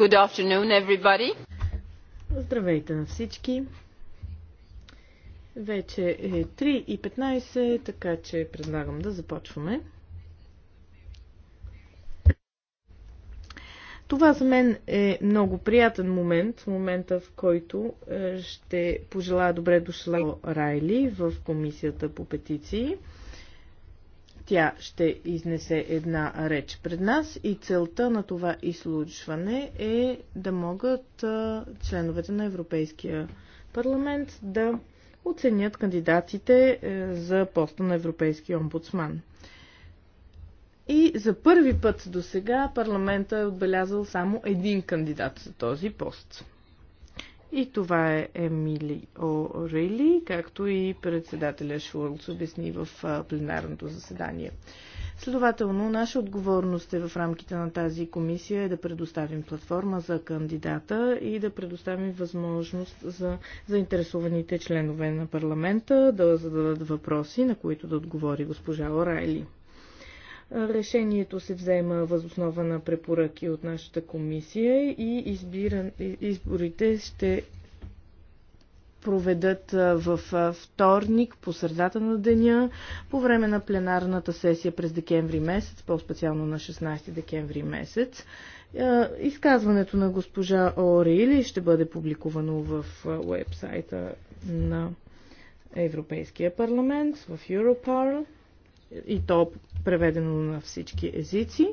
Good afternoon, everybody. Здравейте на всички. Вече е 3.15, така че предлагам да започваме. Това за мен е много приятен момент, момента в който е, ще пожелая добре дошла Райли в Комисията по петиции. Тя ще изнесе една реч пред нас и целта на това изслушване е да могат членовете на Европейския парламент да оценят кандидатите е, за поста на Европейския омбудсман. И за първи път до сега парламента е отбелязал само един кандидат за този пост. И това е Емили Орели, както и председателя Шулц обясни в пленарното заседание. Следователно, наша отговорност е в рамките на тази комисия е да предоставим платформа за кандидата и да предоставим възможност за заинтересованите членове на парламента да зададат въпроси, на които да отговори госпожа Орайли. Решението се взема възоснова на препоръки от нашата комисия и избиран, изборите ще проведат в вторник по средата на деня, по време на пленарната сесия през декември месец, по-специално на 16 декември месец. Изказването на госпожа Орили ще бъде публикувано в уебсайта на Европейския парламент, в Europarl и то преведено на всички езици.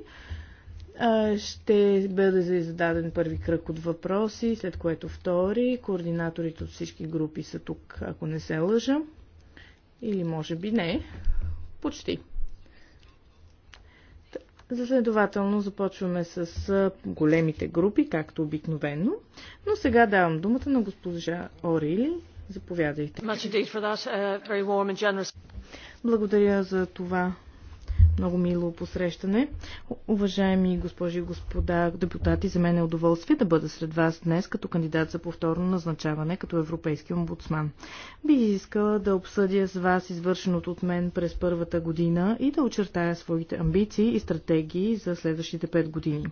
Ще бъде зададен първи кръг от въпроси, след което втори. Координаторите от всички групи са тук, ако не се лъжа. Или може би не. Почти. Заследователно започваме с големите групи, както обикновено. Но сега давам думата на госпожа Орили. Заповядайте. Благодаря за това много мило е посрещане. Уважаеми госпожи и господа депутати, за мен е удоволствие да бъда сред вас днес като кандидат за повторно назначаване като европейски омбудсман. Бих искала да обсъдя с вас извършеното от мен през първата година и да очертая своите амбиции и стратегии за следващите пет години.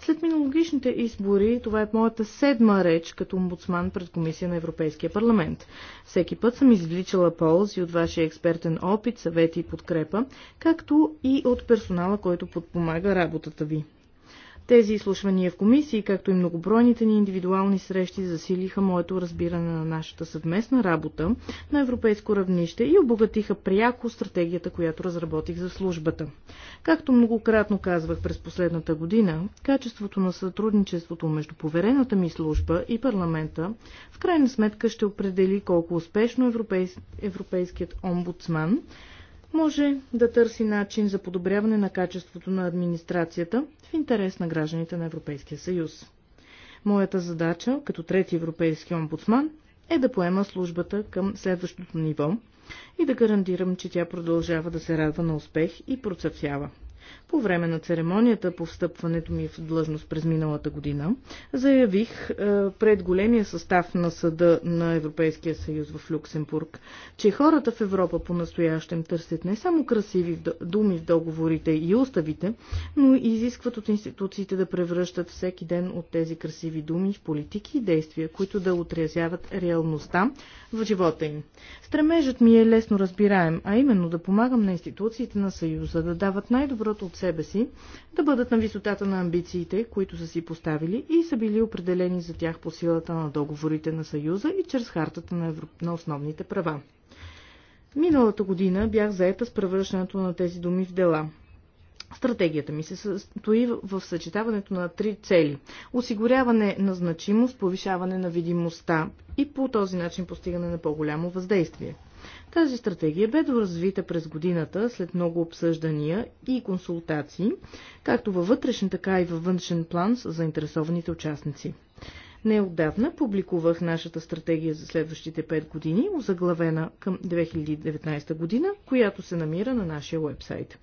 След минологичните избори, това е моята седма реч като омбудсман пред Комисия на Европейския парламент. Всеки път съм извличала ползи от вашия експертен опит, съвети и подкрепа, както и и от персонала, който подпомага работата ви. Тези изслушвания в комисии, както и многобройните ни индивидуални срещи, засилиха моето разбиране на нашата съвместна работа на европейско равнище и обогатиха пряко стратегията, която разработих за службата. Както многократно казвах през последната година, качеството на сътрудничеството между поверената ми служба и парламента в крайна сметка ще определи колко успешно европейс... европейският омбудсман може да търси начин за подобряване на качеството на администрацията в интерес на гражданите на Европейския съюз. Моята задача, като трети европейски омбудсман, е да поема службата към следващото ниво и да гарантирам, че тя продължава да се радва на успех и процъфява. По време на церемонията по встъпването ми в длъжност през миналата година, заявих е, пред големия състав на Съда на Европейския съюз в Люксембург, че хората в Европа по-настоящем търсят не само красиви думи в договорите и уставите, но и изискват от институциите да превръщат всеки ден от тези красиви думи в политики и действия, които да отразяват реалността в живота им. Стремежът ми е лесно разбираем, а именно да помагам на институциите на Съюза да дават най-добро очакват от себе си, да бъдат на висотата на амбициите, които са си поставили и са били определени за тях по силата на договорите на Съюза и чрез хартата на, Европ... на основните права. Миналата година бях заета с превръщането на тези думи в дела. Стратегията ми се състои в съчетаването на три цели. Осигуряване на значимост, повишаване на видимостта и по този начин постигане на по-голямо въздействие. Тази стратегия бе доразвита през годината след много обсъждания и консултации, както във вътрешен, така и във външен план с заинтересованите участници. Неотдавна публикувах нашата стратегия за следващите 5 години, озаглавена към 2019 година, която се намира на нашия вебсайт.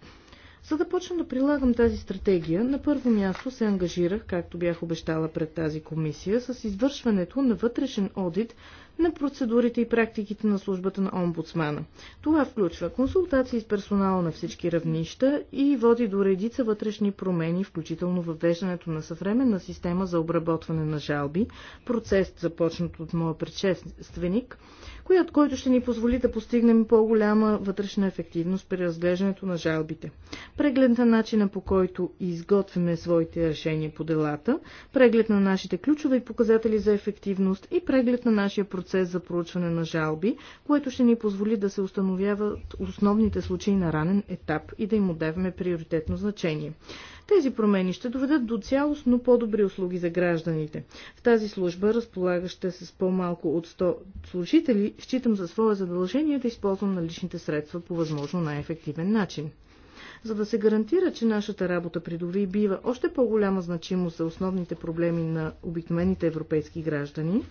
За да почна да прилагам тази стратегия, на първо място се ангажирах, както бях обещала пред тази комисия, с извършването на вътрешен одит на процедурите и практиките на службата на омбудсмана. Това включва консултации с персонала на всички равнища и води до редица вътрешни промени, включително въвеждането на съвременна система за обработване на жалби, процес започнат от моя предшественик, която който ще ни позволи да постигнем по-голяма вътрешна ефективност при разглеждането на жалбите. Преглед на начина по който изготвяме своите решения по делата, преглед на нашите ключови показатели за ефективност и преглед на нашия процес за проучване на жалби, което ще ни позволи да се установяват основните случаи на ранен етап и да им отдаваме приоритетно значение. Тези промени ще доведат до цялостно по-добри услуги за гражданите. В тази служба, разполагаща с по-малко от 100 служители, считам за свое задължение да използвам наличните средства по възможно най-ефективен начин. За да се гарантира, че нашата работа бива още по-голяма значимост за основните проблеми на обикновените европейски граждани,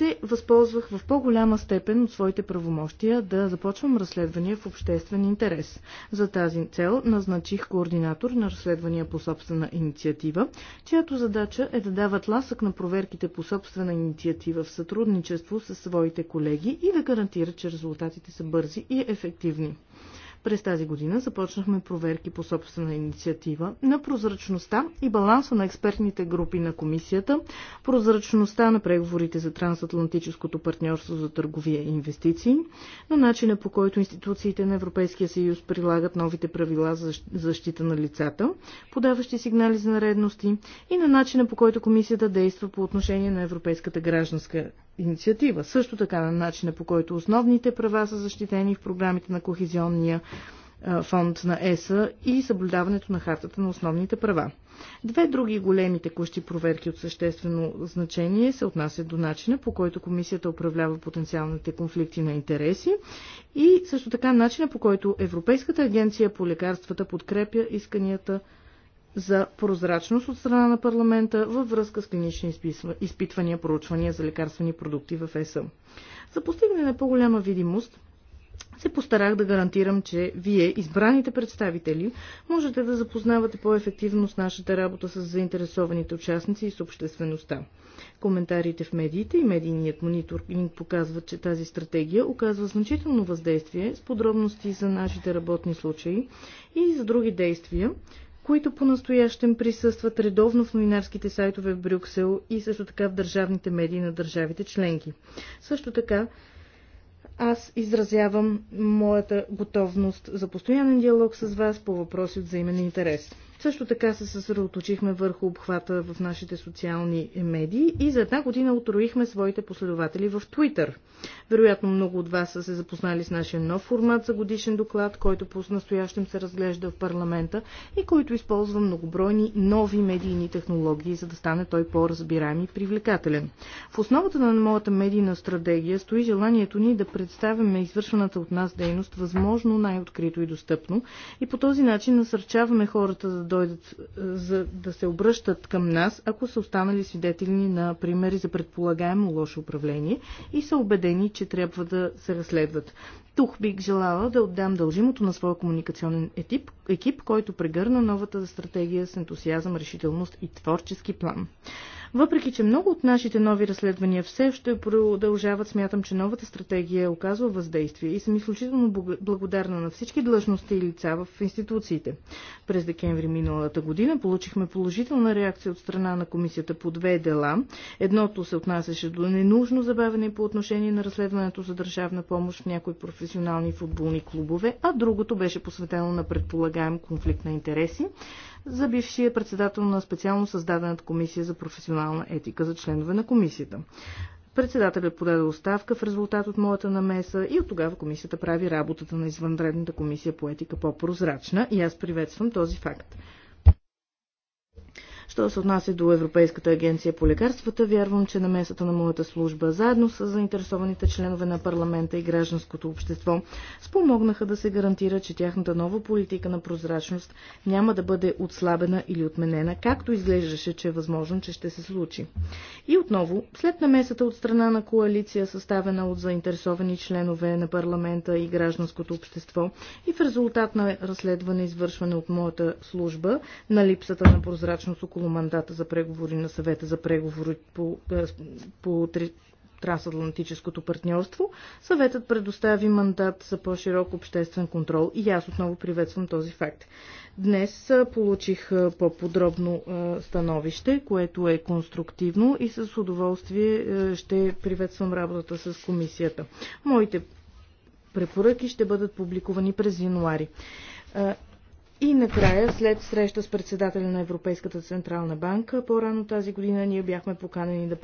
се възползвах в по-голяма степен от своите правомощия да започвам разследвания в обществен интерес. За тази цел назначих координатор на разследвания по собствена инициатива, чиято задача е да дават ласък на проверките по собствена инициатива в сътрудничество с своите колеги и да гарантира, че резултатите са бързи и ефективни. През тази година започнахме проверки по собствена инициатива на прозрачността и баланса на експертните групи на комисията, прозрачността на преговорите за трансатлантическото партньорство за търговия и инвестиции, на начина по който институциите на Европейския съюз прилагат новите правила за защита на лицата, подаващи сигнали за наредности и на начина по който комисията действа по отношение на Европейската гражданска инициатива. Също така на начина по който основните права са защитени в програмите на Кохезионния фонд на ЕСА и съблюдаването на хартата на основните права. Две други големи текущи проверки от съществено значение се отнасят до начина по който комисията управлява потенциалните конфликти на интереси и също така начина по който Европейската агенция по лекарствата подкрепя исканията за прозрачност от страна на парламента във връзка с клинични изпитвания, проучвания за лекарствени продукти в ЕСА. За постигане на по-голяма видимост, се постарах да гарантирам, че вие, избраните представители, можете да запознавате по-ефективно с нашата работа с заинтересованите участници и с обществеността. Коментарите в медиите и медийният мониторинг показват, че тази стратегия оказва значително въздействие с подробности за нашите работни случаи и за други действия, които по-настоящем присъстват редовно в новинарските сайтове в Брюксел и също така в държавните медии на държавите членки. Също така, аз изразявам моята готовност за постоянен диалог с вас по въпроси от взаимен интерес. Също така се съсредоточихме върху обхвата в нашите социални медии и за една година отроихме своите последователи в Twitter. Вероятно много от вас са се запознали с нашия нов формат за годишен доклад, който по настоящем се разглежда в парламента и който използва многобройни нови медийни технологии, за да стане той по-разбираем и привлекателен. В основата на моята медийна стратегия стои желанието ни да представяме извършваната от нас дейност възможно най-открито и достъпно и по този начин насърчаваме хората да дойдат, е, за да се обръщат към нас, ако са останали свидетели на примери за предполагаемо лошо управление и са убедени, че трябва да се разследват. Тук бих желала да отдам дължимото на своя комуникационен етип, екип, който прегърна новата стратегия с ентусиазъм, решителност и творчески план. Въпреки, че много от нашите нови разследвания все ще продължават, смятам, че новата стратегия е оказва въздействие и съм изключително благодарна на всички длъжности и лица в институциите. През декември миналата година получихме положителна реакция от страна на комисията по две дела. Едното се отнасяше до ненужно забавене по отношение на разследването за държавна помощ в някои професионални футболни клубове, а другото беше посветено на предполагаем конфликт на интереси за бившия председател на специално създадената комисия за професионална етика за членове на комисията. Председателят подаде оставка в резултат от моята намеса и от тогава комисията прави работата на извънредната комисия по етика по-прозрачна и аз приветствам този факт. Що се отнася до Европейската агенция по лекарствата, вярвам, че намесата на моята служба, заедно с заинтересованите членове на парламента и гражданското общество, спомогнаха да се гарантира, че тяхната нова политика на прозрачност няма да бъде отслабена или отменена, както изглеждаше, че е възможно, че ще се случи. И отново, след намесата от страна на коалиция, съставена от заинтересовани членове на парламента и гражданското общество, и в резултат на разследване, извършване от моята служба на липсата на прозрачност около мандата за преговори на съвета за преговори по, е, по трансатлантическото партньорство, съветът предостави мандат за по-широк обществен контрол и аз отново приветствам този факт. Днес е, получих е, по-подробно становище, което е конструктивно и с удоволствие ще приветствам работата с комисията. Моите препоръки ще бъдат публикувани през януари. И накрая, след среща с председателя на Европейската централна банка, по-рано тази година ние бяхме поканени да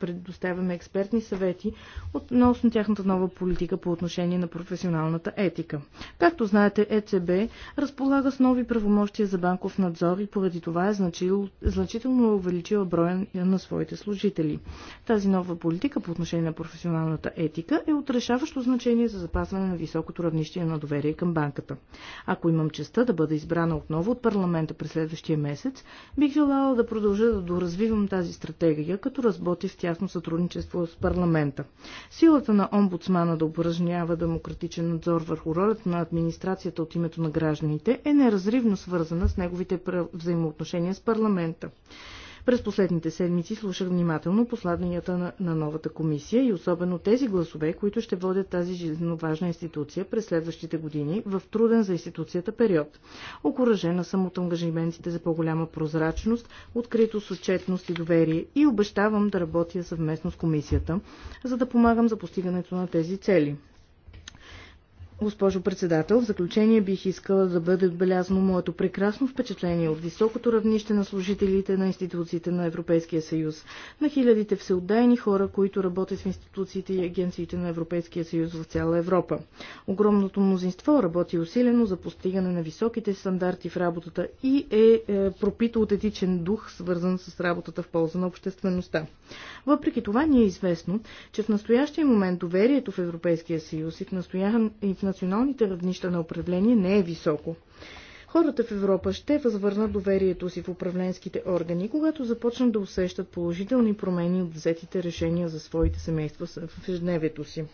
предоставяме експертни съвети относно тяхната нова политика по отношение на професионалната етика. Както знаете, ЕЦБ разполага с нови правомощия за банков надзор и поради това е значил, значително е увеличила броя на своите служители. Тази нова политика по отношение на професионалната етика е отрешаващо значение за запазване на високото равнище на доверие към банката. Ако имам честа да бъда бъда избрана отново от парламента през следващия месец, бих желала да продължа да доразвивам тази стратегия, като работя в тясно сътрудничество с парламента. Силата на омбудсмана да упражнява демократичен надзор върху ролята на администрацията от името на гражданите е неразривно свързана с неговите взаимоотношения с парламента. През последните седмици слушах внимателно посланията на, на новата комисия и особено тези гласове, които ще водят тази жизненно важна институция през следващите години в труден за институцията период. Окоръжена съм от ангажиментите за по-голяма прозрачност, откритост, отчетност и доверие и обещавам да работя съвместно с комисията, за да помагам за постигането на тези цели. Госпожо председател, в заключение бих искала да бъде отбелязано моето прекрасно впечатление от високото равнище на служителите на институциите на Европейския съюз, на хилядите всеотдайни хора, които работят в институциите и агенциите на Европейския съюз в цяла Европа. Огромното мнозинство работи усилено за постигане на високите стандарти в работата и е, е пропито от етичен дух, свързан с работата в полза на обществеността. Въпреки това ни е известно, че в настоящия момент доверието в Европейския съюз и в, настоя... и в националните равнища на управление не е високо. Хората в Европа ще възвърнат доверието си в управленските органи, когато започнат да усещат положителни промени от взетите решения за своите семейства в ежедневието си.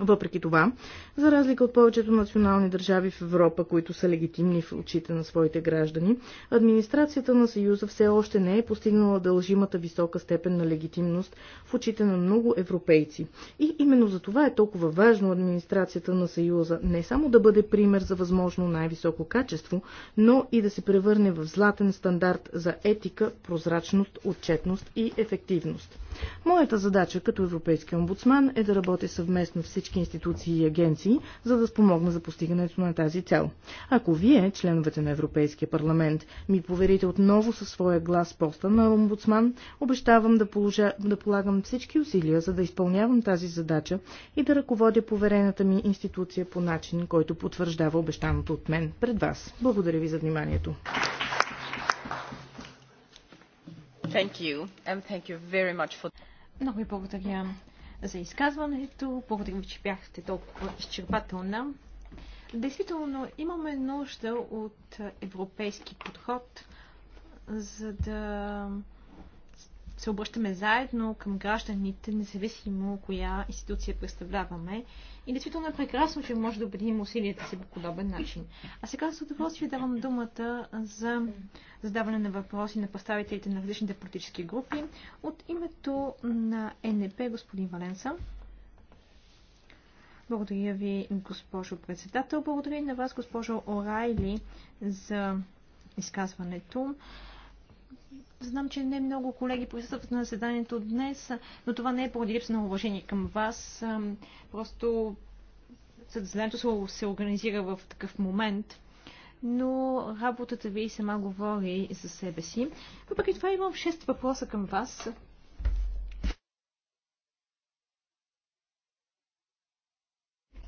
Въпреки това, за разлика от повечето национални държави в Европа, които са легитимни в очите на своите граждани, администрацията на Съюза все още не е постигнала дължимата висока степен на легитимност в очите на много европейци. И именно за това е толкова важно администрацията на Съюза не само да бъде пример за възможно най-високо качество, но и да се превърне в златен стандарт за етика, прозрачност, отчетност и ефективност. Моята задача като европейски омбудсман е да работя съвместно всички всички институции и агенции, за да спомогна за постигането на тази цел. Ако вие, членовете на Европейския парламент, ми поверите отново със своя глас поста на омбудсман, обещавам да, положа, да полагам всички усилия, за да изпълнявам тази задача и да ръководя поверената ми институция по начин, който потвърждава обещаното от мен пред вас. Благодаря ви за вниманието. For... Много ви благодаря за изказването. Благодарим че бяхте толкова изчерпателна. Действително имаме нужда от европейски подход, за да се обръщаме заедно към гражданите, независимо коя институция представляваме. И действително е прекрасно, че може да обединим усилията си по подобен начин. А сега с удоволствие давам думата за задаване на въпроси на представителите на различните политически групи. От името на НП, господин Валенса. Благодаря ви, госпожо председател. Благодаря и на вас, госпожо Орайли, за изказването. Знам, че не много колеги присъстват на заседанието днес, но това не е поради липса на уважение към вас. Просто заседанието се организира в такъв момент но работата ви сама говори за себе си. Въпреки това имам 6 въпроса към вас.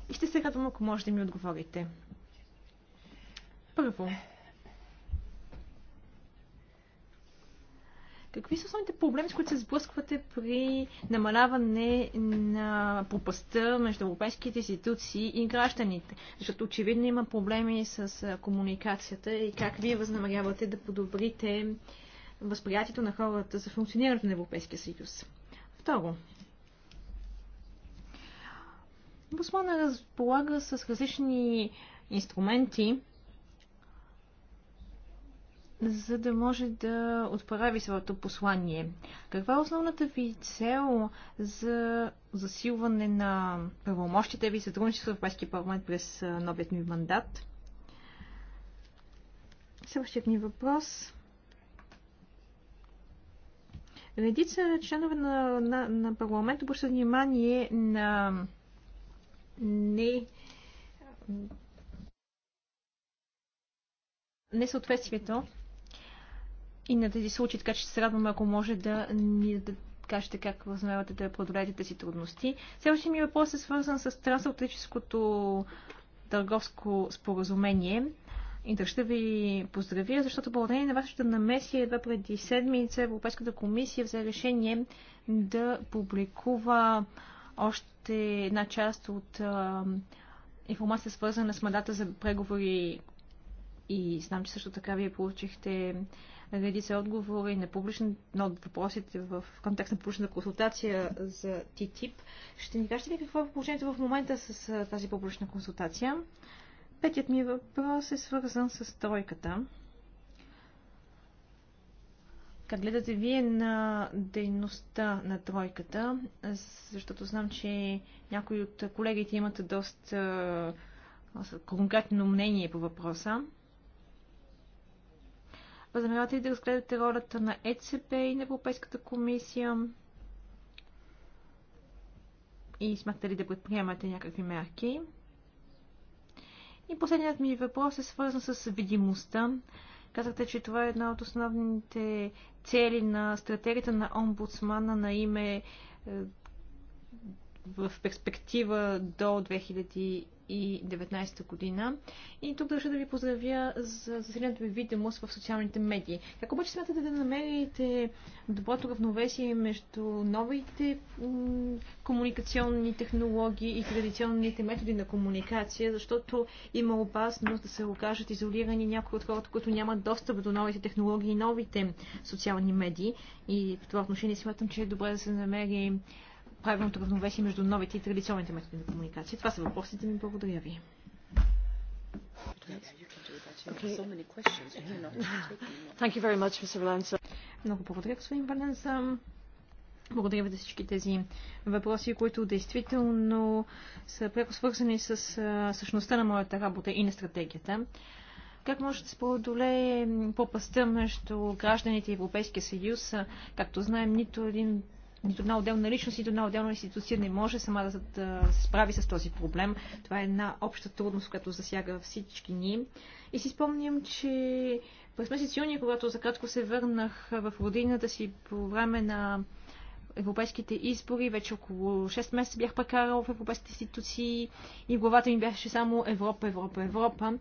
И ще се радвам, ако може да ми отговорите. Първо, Какви са основните проблеми, с които се сблъсквате при намаляване на пропаста между европейските институции и гражданите? Защото очевидно има проблеми с комуникацията и как вие възнамерявате да подобрите възприятието на хората за функционирането на Европейския съюз. Второ, Босмана разполага с различни инструменти, за да може да отправи своето послание. Каква е основната ви цел за засилване на правомощите ви сътрудничество в Европейския парламент през новият ми мандат? Следващият ми въпрос. Редица членове на, на, на парламента обръщат внимание на не несъответствието и на тези случаи, така че се радвам, ако може да ни да кажете как възмевате да преодолеете тези трудности. Следващия ми въпрос е свързан с трансатлантическото търговско споразумение. И да ще ви поздравя, защото благодарение на вашата намеси едва преди седмица Европейската комисия взе решение да публикува още една част от а, информация, свързана с мандата за преговори и знам, че също така вие получихте редица отговори на, публичен, на въпросите в контекст на публична консултация за ТИТИП. Ще ни кажете ли какво е положението в момента с тази публична консултация? Петият ми въпрос е свързан с тройката. Как гледате вие на дейността на тройката? Защото знам, че някои от колегите имат доста конкретно мнение по въпроса. Възнамерявате ли да разгледате ролята на ЕЦБ и на Европейската комисия? И смятате ли да предприемате някакви мерки? И последният ми въпрос е свързан с видимостта. Казахте, че това е една от основните цели на стратегията на омбудсмана на име е, в перспектива до 2019 година. И тук държа да ви поздравя за засилената ви видимост в социалните медии. Как обаче смятате да намерите доброто равновесие между новите комуникационни технологии и традиционните методи на комуникация, защото има опасност да се окажат изолирани някои от хората, които нямат достъп до новите технологии и новите социални медии. И в това отношение смятам, че е добре да се намери правилното равновесие между новите и традиционните методи на комуникация. Това са въпросите ми. Благодаря ви. Много благодаря, господин Валенса. Благодаря ви за всички тези въпроси, които действително са пряко свързани с същността на моята работа и на стратегията. Как може да се преодолее пропаста между гражданите и Европейския съюз? Както знаем, нито един нито една отделна личност, нито една отделна институция не може сама да, да се справи с този проблем. Това е една обща трудност, която засяга всички ни. И си спомням, че през месец юни, когато за кратко се върнах в родината си по време на европейските избори, вече около 6 месеца бях прекарал в европейските институции и главата ми беше само Европа, Европа, Европа.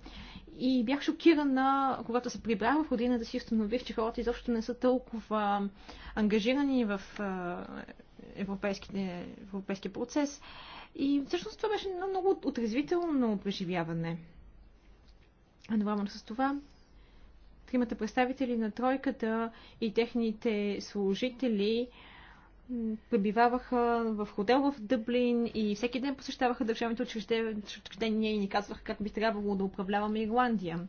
И бях шокирана, когато се прибрах в родината да си, установих, че хората изобщо не са толкова ангажирани в европейския процес. И всъщност това беше едно много отрезвително преживяване. Едновременно с това, тримата представители на тройката и техните служители пребиваваха в хотел в Дъблин и всеки ден посещаваха държавните учреждения и ни казваха как би трябвало да управляваме Ирландия.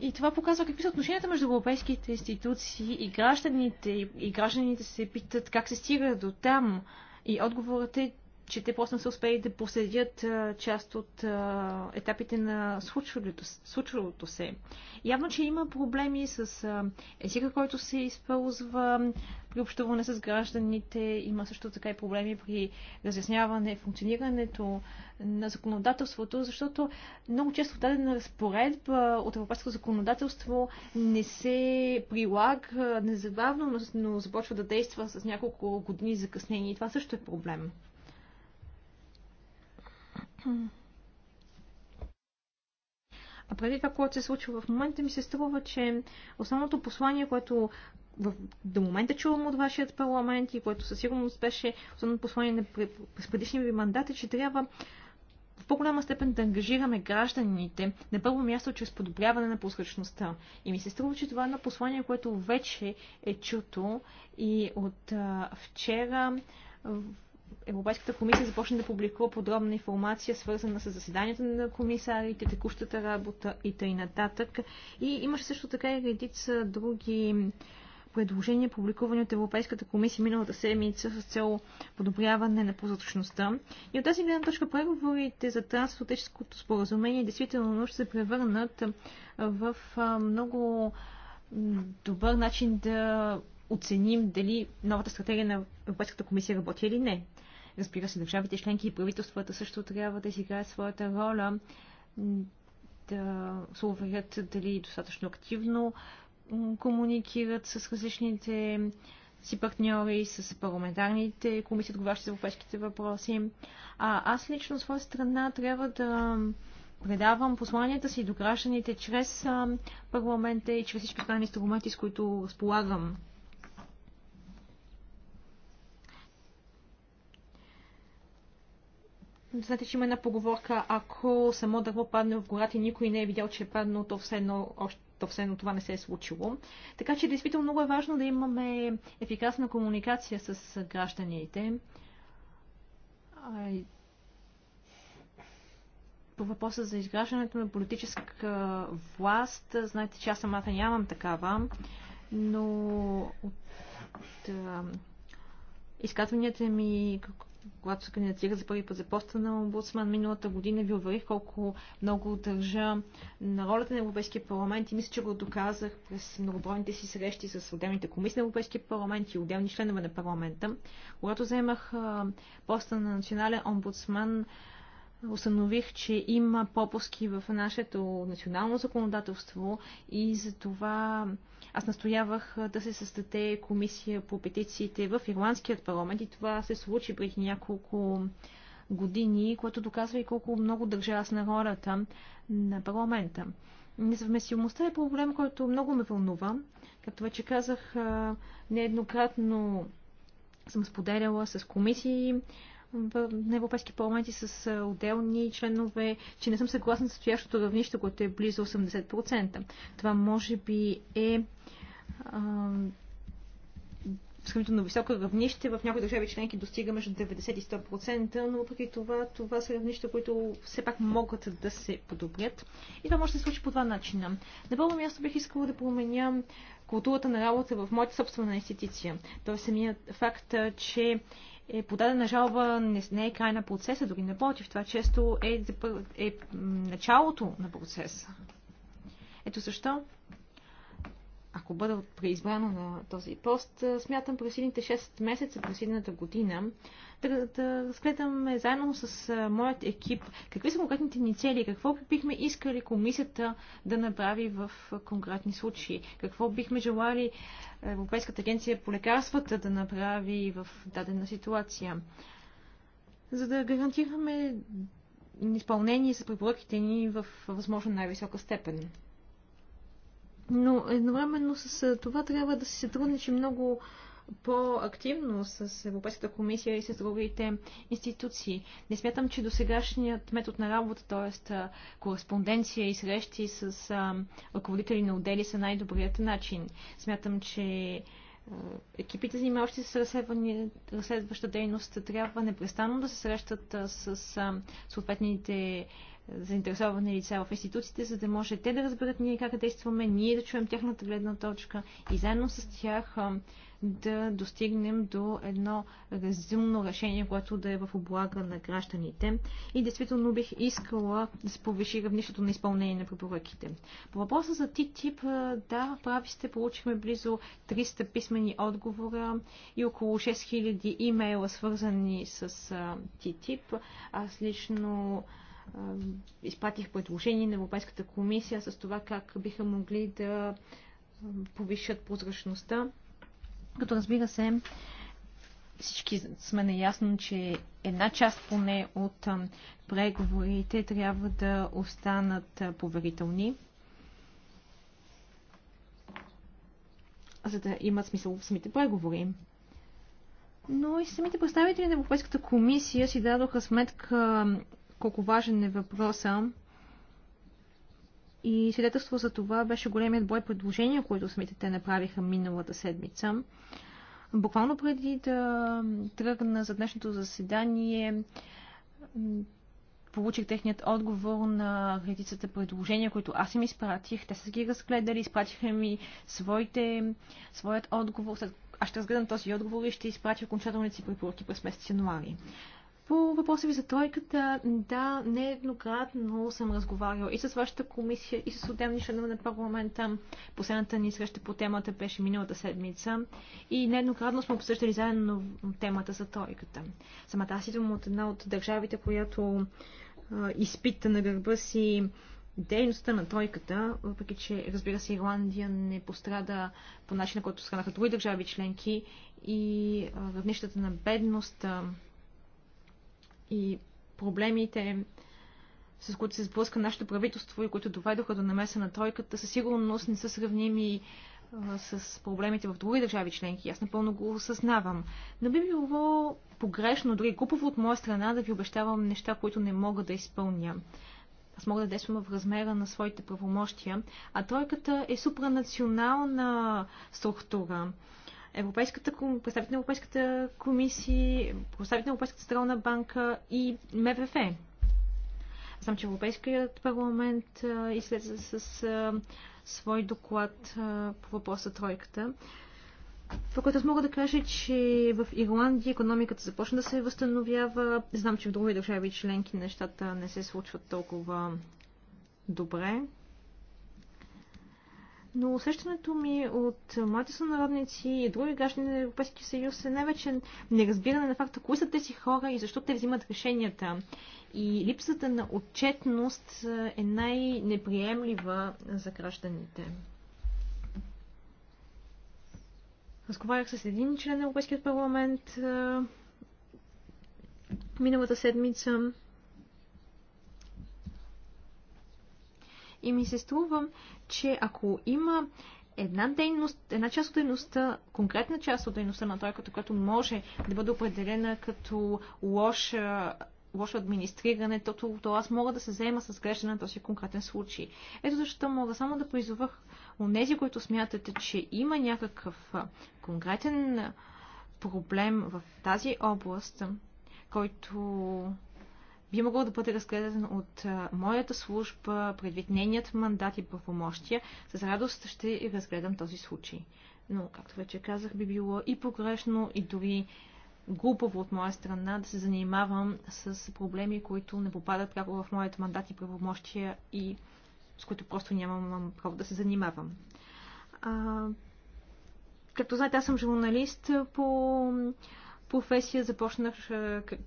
И това показва какви са отношенията между европейските институции и гражданите. И гражданите се питат как се стига до там. И отговорът е, че те после са успели да проследят част от етапите на случвалото, случвалото се. Явно, че има проблеми с езика, който се използва при общуване с гражданите. Има също така и проблеми при разясняване функционирането на законодателството, защото много често дадена разпоредба от европейско законодателство не се прилага незабавно, но започва да действа с няколко години закъснение. И това също е проблем. А преди това, което се случва в момента, ми се струва, че основното послание, което в, до момента чувам от вашият парламент и което със сигурност беше основното послание на през предишния ви мандат, е, че трябва в по-голяма степен да ангажираме гражданите на първо място чрез подобряване на прозрачността. И ми се струва, че това е едно послание, което вече е чуто и от а, вчера Европейската комисия започне да публикува подробна информация, свързана с заседанията на комисарите, текущата работа и т.н. И имаше също така и редица други предложения, публикувани от Европейската комисия миналата седмица с цел подобряване на прозрачността. И от тази гледна точка преговорите за трансатлантическото споразумение действително ще се превърнат в много добър начин да оценим дали новата стратегия на Европейската комисия работи или не. Разбира се, държавите членки и правителствата също трябва да изиграят своята роля, да се уверят дали достатъчно активно комуникират с различните си партньори, с парламентарните комисии, отговарящи за европейските въпроси. А аз лично от своя страна трябва да предавам посланията си до гражданите чрез парламента и чрез всички останали инструменти, с които разполагам Знаете, че има една поговорка, ако само дърво падне в гората и никой не е видял, че е паднал, то все едно още то все едно това не се е случило. Така че действително много е важно да имаме ефикасна комуникация с гражданите. По въпроса за изграждането на политическа власт, знаете, че аз самата нямам такава, но от, от изказванията ми когато се кандидатира за първи път за поста на омбудсман миналата година, ви уверих колко много държа на ролята на Европейския парламент и мисля, че го доказах през многобройните си срещи с отделните комисии на Европейския парламент и отделни членове на парламента. Когато вземах поста на национален омбудсман, установих, че има попуски в нашето национално законодателство и за това аз настоявах да се създаде комисия по петициите в Ирландският парламент и това се случи преди няколко години, което доказва и колко много държа аз на ролята на парламента. Несъвместимостта е проблем, който много ме вълнува. Както вече казах, нееднократно съм споделяла с комисии, на Европейски парламенти с отделни членове, че не съм съгласна с стоящото равнище, което е близо 80%. Това може би е а, сравнително високо равнище. В някои държави членки достига между 90 и 100%, но въпреки това, това са равнища, които все пак могат да се подобрят. И това може да се случи по два начина. На първо място бих искала да променя културата на работа в моята собствена институция. Тоест самият факт, че е подадена жалба не, не е край на процеса, дори напротив, това често е, е, е началото на процеса. Ето защо ако бъда преизбрана на този пост, смятам през следните 6 месеца, през година, да, да разгледаме заедно с моят екип какви са конкретните ни цели, какво бихме искали комисията да направи в конкретни случаи, какво бихме желали Европейската агенция по лекарствата да направи в дадена ситуация. За да гарантираме изпълнение с препоръките ни в възможно най-висока степен. Но едновременно с това трябва да се сътрудничи много по-активно с Европейската комисия и с другите институции. Не смятам, че досегашният метод на работа, т.е. кореспонденция и срещи с ръководители на отдели са най-добрият начин. Смятам, че екипите, занимаващи с разследваща дейност, трябва непрестанно да се срещат с съответните заинтересовани лица в институциите, за да може те да разберат ние как действаме, ние да чуем тяхната гледна точка и заедно с тях да достигнем до едно разумно решение, което да е в облага на гражданите. И действително бих искала да се повиши равнището на изпълнение на препоръките. По въпроса за ТИТИП, да, прави сте, получихме близо 300 писмени отговора и около 6000 имейла, свързани с ТИТИП. Аз лично изпратих предложение на Европейската комисия с това как биха могли да повишат прозрачността. Като разбира се, всички сме наясно, че една част поне от преговорите трябва да останат поверителни, за да имат смисъл в самите преговори. Но и самите представители на Европейската комисия си дадоха сметка колко важен е въпроса. И свидетелство за това беше големият брой предложения, които самите те направиха миналата седмица. Буквално преди да тръгна за днешното заседание, получих техният отговор на редицата предложения, които аз им изпратих. Те са ги разгледали, изпратиха ми своите, своят отговор. Аз ще разгледам този отговор и ще изпратя окончателните си препоръки през месец януари. По въпроса ви за тройката, да, нееднократно съм разговарял и с вашата комисия, и с отделни членове на парламента. Последната ни среща по темата беше миналата седмица и нееднократно сме обсъждали заедно темата за тройката. Самата аз идвам от една от държавите, която а, изпита на гърба си дейността на тройката, въпреки че, разбира се, Ирландия не пострада по начина, който страдаха други държави членки и равнищата на бедност и проблемите, с които се сблъска нашето правителство и които доведоха до намеса на тройката, със сигурност не са сравними с проблемите в други държави членки. Аз напълно го осъзнавам. Но би било погрешно, дори купово от моя страна, да ви обещавам неща, които не мога да изпълня. Аз мога да действам в размера на своите правомощия, а тройката е супранационална структура. Европейската, представител на Европейската комисия, представител на Европейската централна банка и МВФ. Знам, че Европейският парламент излезе с а, свой доклад а, по въпроса тройката. Това, което аз мога да кажа, че в Ирландия економиката започна да се възстановява. Знам, че в други държави членки нещата не се случват толкова добре но усещането ми от моите сънародници и други граждани на Европейския съюз е най-вече неразбиране на факта, кои са тези хора и защо те взимат решенията. И липсата на отчетност е най-неприемлива за гражданите. Разговарях с един член на Европейския парламент миналата седмица. И ми се струва, че ако има една дейност, една част от дейността, конкретна част от дейността на тройката, която може да бъде определена като лоша лошо администриране, то, то, то аз мога да се заема с грешдане на този конкретен случай. Ето защо мога само да призовах нези, които смятате, че има някакъв конкретен проблем в тази област, който би могъл да бъде разгледан от а, моята служба, предвид нейният мандат и правомощия. С радост ще разгледам този случай. Но, както вече казах, би било и погрешно, и дори глупаво от моя страна да се занимавам с проблеми, които не попадат пряко в моят мандат и правомощия и с които просто нямам право да се занимавам. А, както знаете, аз съм журналист по професия. Започнах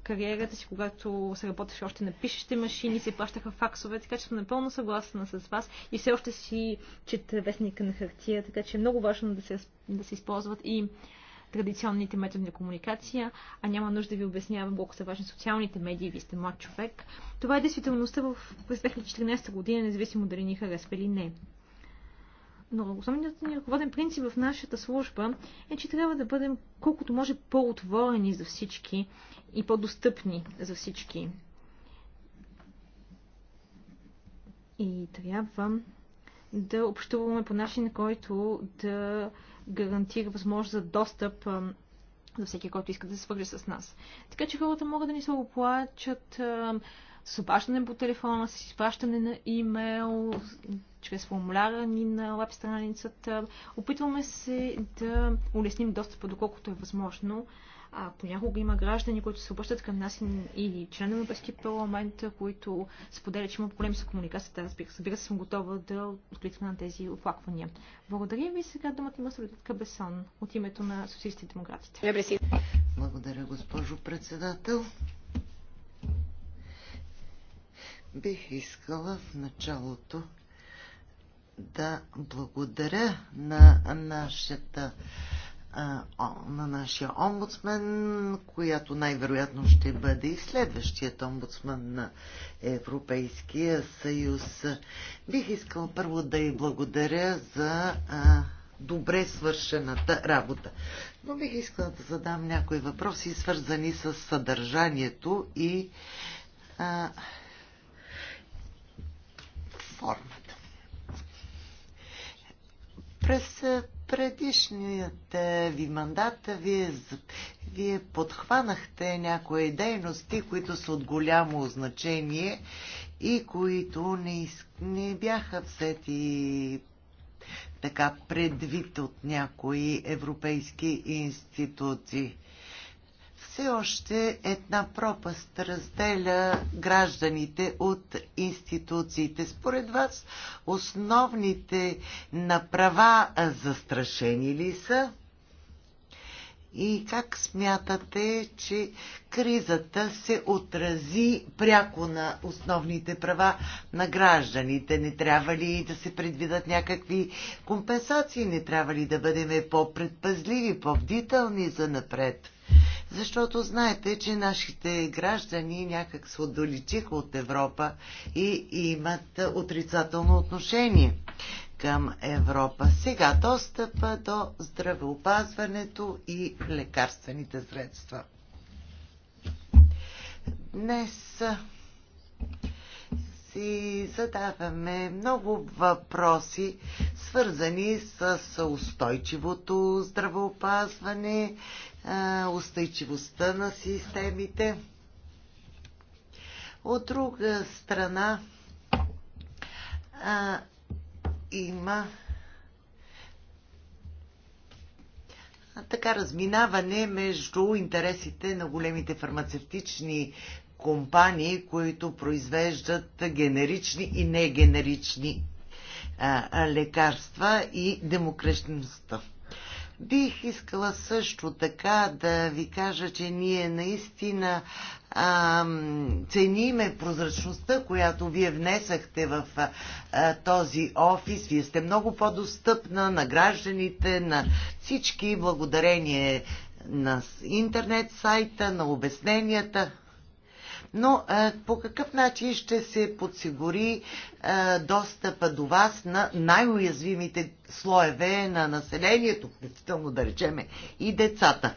кариерата си, когато се работеше още на пишещи машини, се плащаха факсове, така че съм напълно съгласна с вас и все още си чета вестника на хартия, така че е много важно да се, да се използват и традиционните методи на комуникация, а няма нужда да ви обяснявам колко са важни социалните медии, вие сте млад човек. Това е действителността в, през 2014 година, независимо дали ни харесва или не. Но основният ни ръководен принцип в нашата служба е, че трябва да бъдем колкото може по-отворени за всички и по-достъпни за всички. И трябва да общуваме по начин, който да гарантира възможност за достъп за всеки, който иска да се свърже с нас. Така че хората могат да ни се оплачат, с обаждане по телефона, с изпращане на имейл, чрез формуляра ни на веб страницата. Опитваме се да улесним достъпа доколкото е възможно. А понякога има граждани, които се обръщат към нас или члена на Европейския парламент, които споделят, че има проблеми с комуникацията. Разбира, разбира се, съм готова да откликна на тези оплаквания. Благодаря ви. Сега думата има Солидетка Кабесон от името на социалистите и демократите. Благодаря, госпожо председател. Бих искала в началото да благодаря на нашата на нашия омбудсмен, която най-вероятно ще бъде и следващият омбудсмен на Европейския съюз. Бих искал първо да й благодаря за а, добре свършената работа. Но бих искала да задам някои въпроси, свързани с съдържанието и а, формата. През предишният ви мандат вие, вие подхванахте някои дейности, които са от голямо значение и които не, не бяха взети така предвид от някои европейски институции все още една пропаст разделя гражданите от институциите. Според вас основните направа застрашени ли са? И как смятате, че кризата се отрази пряко на основните права на гражданите? Не трябва ли да се предвидат някакви компенсации? Не трябва ли да бъдем по-предпазливи, по-бдителни за напред? защото знаете, че нашите граждани някак се отдалечиха от Европа и имат отрицателно отношение към Европа. Сега достъпа до здравеопазването и лекарствените средства. Днес си задаваме много въпроси, свързани с устойчивото здравеопазване устойчивостта на системите. От друга страна а, има така разминаване между интересите на големите фармацевтични компании, които произвеждат генерични и негенерични а, лекарства и демократичността. Бих искала също така да ви кажа, че ние наистина ам, цениме прозрачността, която вие внесахте в а, този офис. Вие сте много по-достъпна на гражданите, на всички, благодарение на интернет сайта, на обясненията но а, по какъв начин ще се подсигури а, достъпа до вас на най-уязвимите слоеве на населението, включително да речеме и децата?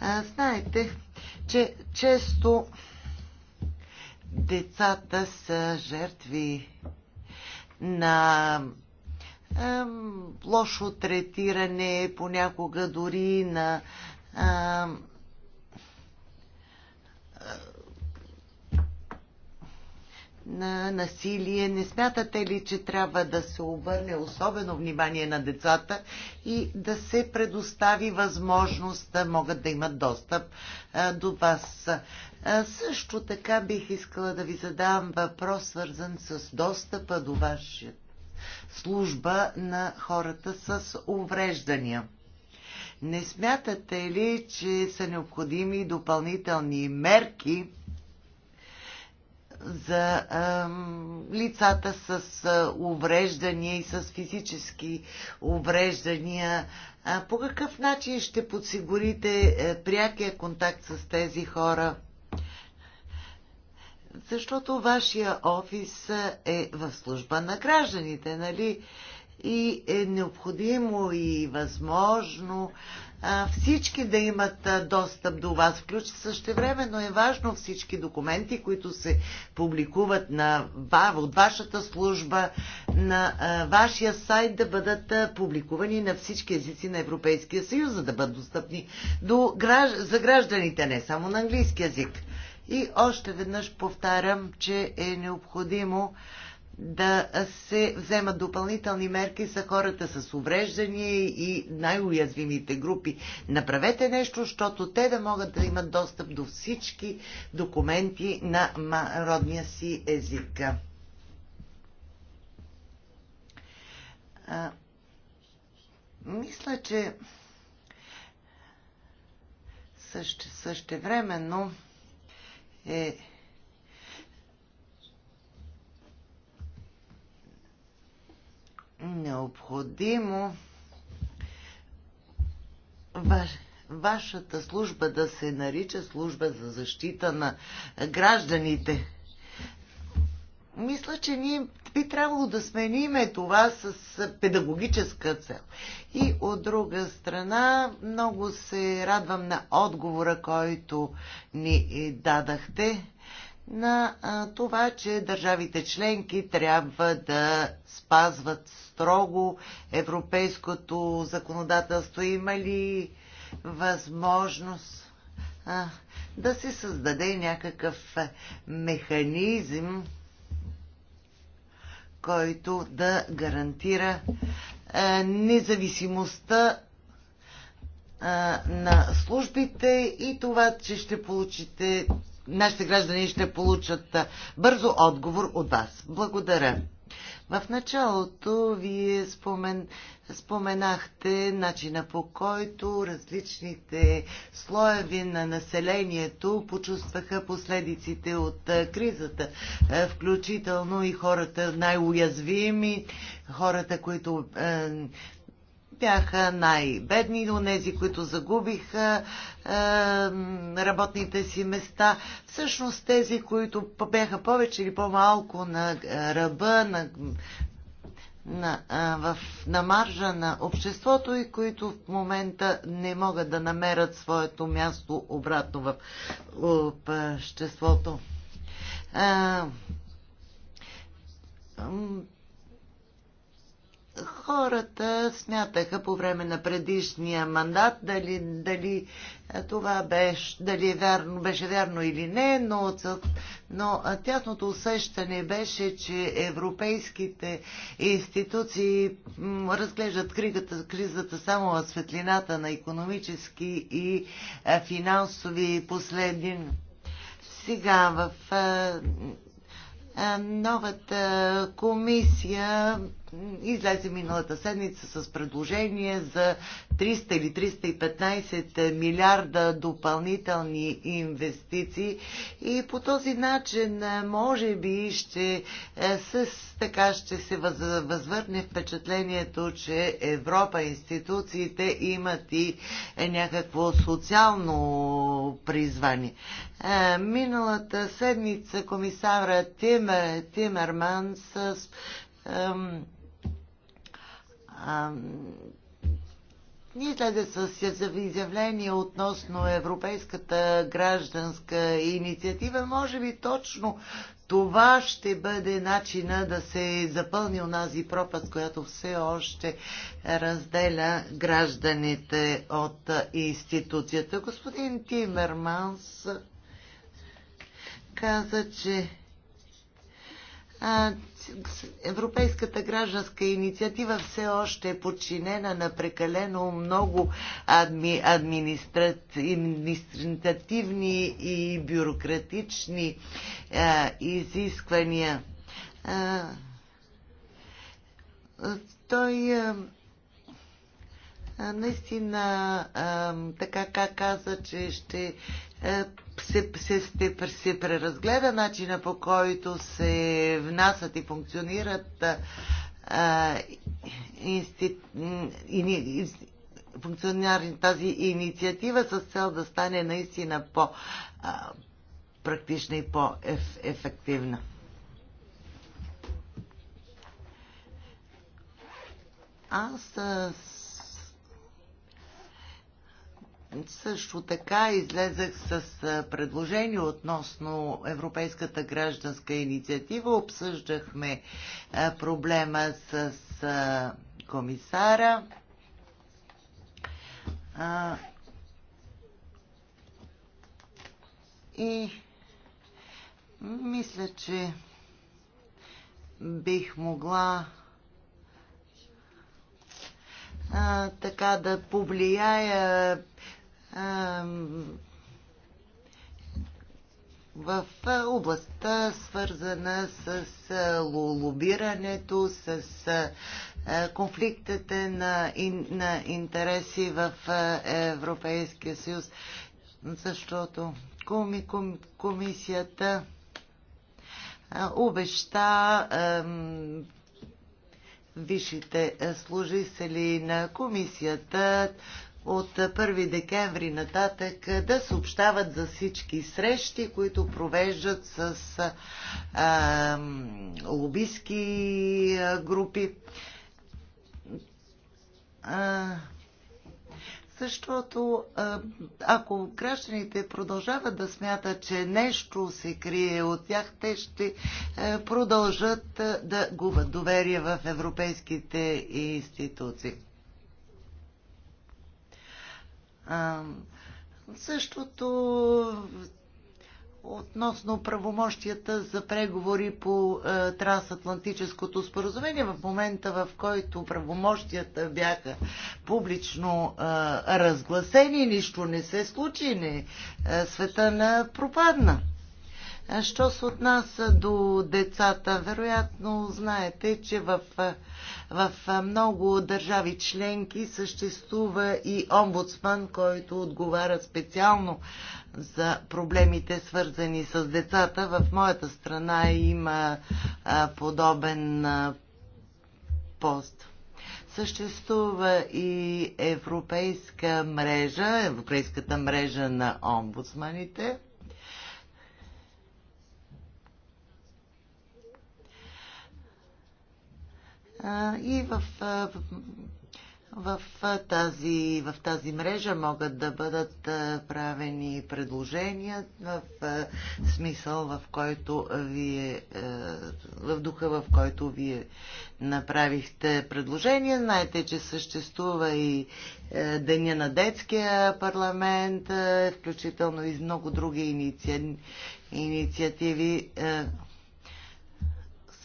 А, знаете, че често децата са жертви на лошо третиране, понякога дори на на насилие. Не смятате ли, че трябва да се обърне особено внимание на децата и да се предостави възможност да могат да имат достъп до вас? Също така бих искала да ви задам въпрос, свързан с достъпа до вашия служба на хората с увреждания. Не смятате ли, че са необходими допълнителни мерки, за лицата с увреждания и с физически увреждания. По какъв начин ще подсигурите е, прякия контакт с тези хора? Защото вашия офис е в служба на гражданите, нали? И е необходимо и възможно всички да имат достъп до вас. време, но е важно всички документи, които се публикуват на, от вашата служба, на вашия сайт да бъдат публикувани на всички езици на Европейския съюз, за да бъдат достъпни до, за гражданите, не само на английски язик. И още веднъж повтарям, че е необходимо да се вземат допълнителни мерки за хората с увреждания и най-уязвимите групи. Направете нещо, защото те да могат да имат достъп до всички документи на родния си език. мисля, че също, времено е необходимо вашата служба да се нарича служба за защита на гражданите. Мисля, че ние би трябвало да смениме това с педагогическа цел. И от друга страна, много се радвам на отговора, който ни дадахте на а, това, че държавите членки трябва да спазват строго европейското законодателство. Има ли възможност а, да се създаде някакъв механизъм, който да гарантира а, независимостта на службите и това, че ще получите нашите граждани ще получат бързо отговор от вас. Благодаря. В началото вие спомен, споменахте начина по който различните слоеви на населението почувстваха последиците от кризата, включително и хората най-уязвими, хората, които бяха най-бедни, тези, които загубиха е, работните си места. Всъщност тези, които бяха повече или по-малко на е, ръба, на, на, е, в, на маржа на обществото и които в момента не могат да намерят своето място обратно в, обществото. Е, хората смятаха по време на предишния мандат дали, дали това беше, дали е вярно, беше вярно или не, но, но тяхното усещане беше, че европейските институции разглеждат кризата, кризата само в светлината на економически и финансови последни. Сега в новата комисия излезе миналата седмица с предложение за 300 или 315 милиарда допълнителни инвестиции и по този начин е, може би ще е, с така ще се възвърне впечатлението, че Европа, институциите имат и е, някакво социално призвание. Миналата седмица комисара Тимер, Тимерманс ние излезе с изявление относно Европейската гражданска инициатива. Може би точно това ще бъде начина да се запълни онази пропаст, която все още разделя гражданите от институцията. Господин Тимерманс каза, че а, Европейската гражданска инициатива все още е подчинена на прекалено много адми, административни и бюрократични а, изисквания. А, той а, наистина, а, така как каза, че ще се, се, се, се преразгледа начина по който се внасят и функционират а, инсти, ини, функционарни тази инициатива с цел да стане наистина по-практична и по-ефективна. Аз също така излезах с предложение относно Европейската гражданска инициатива. Обсъждахме проблема с комисара. И мисля, че бих могла а, така да повлияя в областта, свързана с лобирането, с конфликтите на, на интереси в Европейския съюз, защото коми, ком, комисията обеща висшите служители на комисията от 1 декември нататък да съобщават за всички срещи, които провеждат с а, лобиски групи. А, защото ако гражданите продължават да смятат, че нещо се крие от тях, те ще продължат да губят доверие в европейските институции същото относно правомощията за преговори по е, трансатлантическото споразумение, в момента в който правомощията бяха публично е, разгласени, нищо не се случи, не, е, света на пропадна. Що се отнася до децата, вероятно знаете, че в, в много държави членки съществува и омбудсман, който отговаря специално за проблемите свързани с децата. В моята страна има подобен пост съществува и европейска мрежа, европейската мрежа на омбудсманите. И в, в, в, тази, в тази мрежа могат да бъдат правени предложения в смисъл, в който вие, в духа, в който вие направихте предложения. Знаете, че съществува и Деня на детския парламент, включително и много други инициативи. инициативи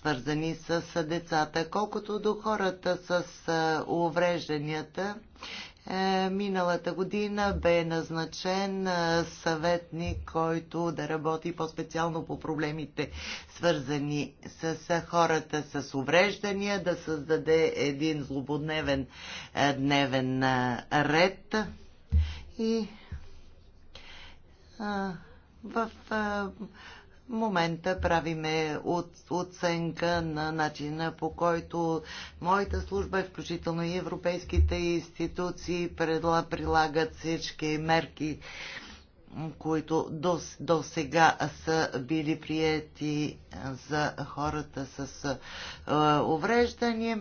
свързани с децата. Колкото до хората с уврежданията, е, Миналата година бе назначен съветник, който да работи по-специално по проблемите, свързани с хората с увреждания, да създаде един злободневен дневен ред. И а, в а, момента правиме от, оценка на начина по който моята служба, включително и европейските институции, предла, прилагат всички мерки, които до, до сега са били приети за хората с увреждания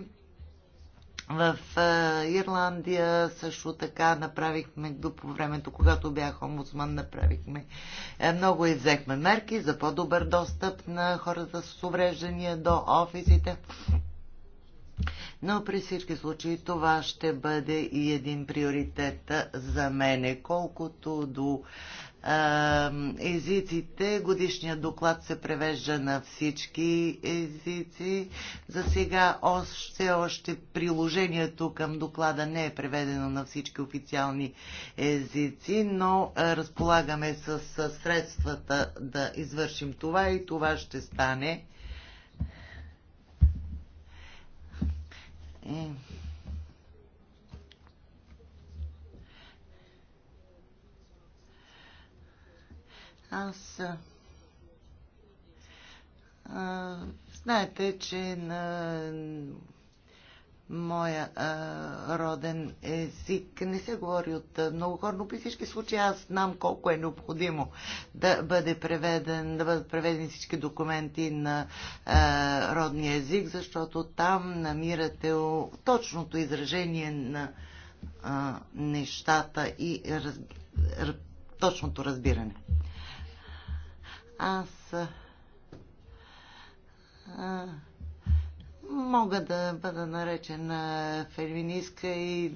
в е, Ирландия също така направихме, по времето, когато бях омбудсман, направихме е, много и взехме мерки за по-добър достъп на хората с увреждания до офисите. Но при всички случаи това ще бъде и един приоритет за мене, колкото до езиците. Годишният доклад се превежда на всички езици. За сега още, още приложението към доклада не е преведено на всички официални езици, но разполагаме с средствата да извършим това и това ще стане. Е, Аз а, знаете, че на моя а, роден език не се говори от много хора, но при всички случаи аз знам колко е необходимо да бъде преведен, да бъдат преведени всички документи на а, родния език, защото там намирате точното изражение на а, нещата и раз, точното разбиране. Аз а, мога да бъда наречена феминистка и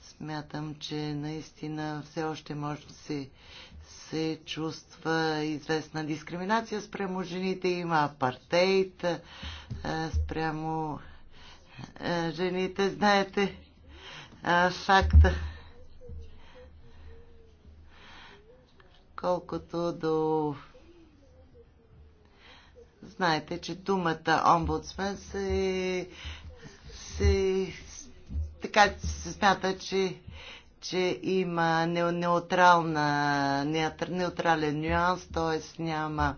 смятам, че наистина все още може да се, се чувства известна дискриминация спрямо жените. Има апартейт спрямо жените. Знаете факта Колкото до... Знаете, че думата омбудсмен се... се... така се смята, че че има неутрална, неутрален нюанс, т.е. няма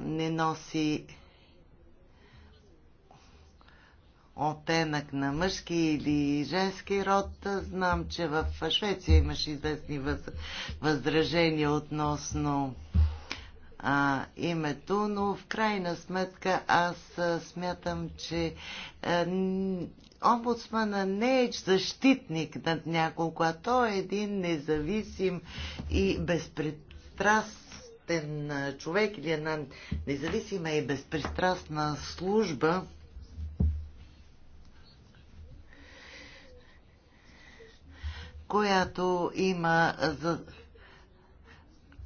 не носи оттенък на мъжки или женски род. Знам, че в Швеция имаш известни въз... възражения относно а, името, но в крайна сметка аз смятам, че а, омбудсмана не е защитник над няколко, а той е един независим и безпристрастен човек или една независима и безпристрастна служба, която има за,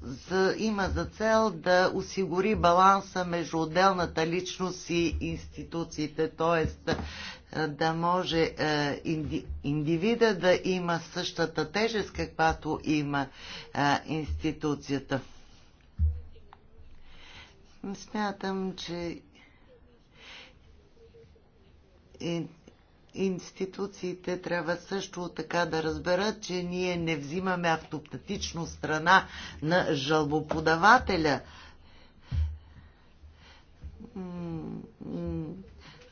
за, има за цел да осигури баланса между отделната личност и институциите, т.е. да може е, инди, индивида да има същата тежест, каквато има е, институцията. Смятам, че институциите трябва също така да разберат, че ние не взимаме автоматично страна на жалбоподавателя.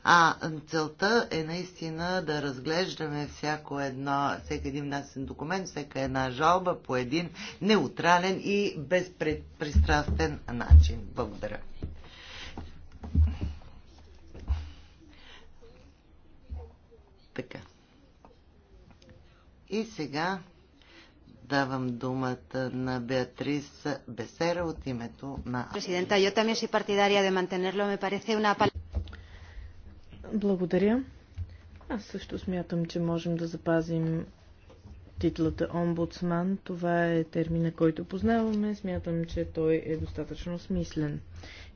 А целта е наистина да разглеждаме всяко едно, всеки един насен документ, всяка една жалба по един неутрален и безпристрастен начин. Благодаря. Така. И сега давам думата на Беатрис Бесера от името на... Президента, yo си партидария да de ме me parece una... Благодаря. Аз също смятам, че можем да запазим титлата омбудсман. Това е термина, който познаваме. Смятам, че той е достатъчно смислен.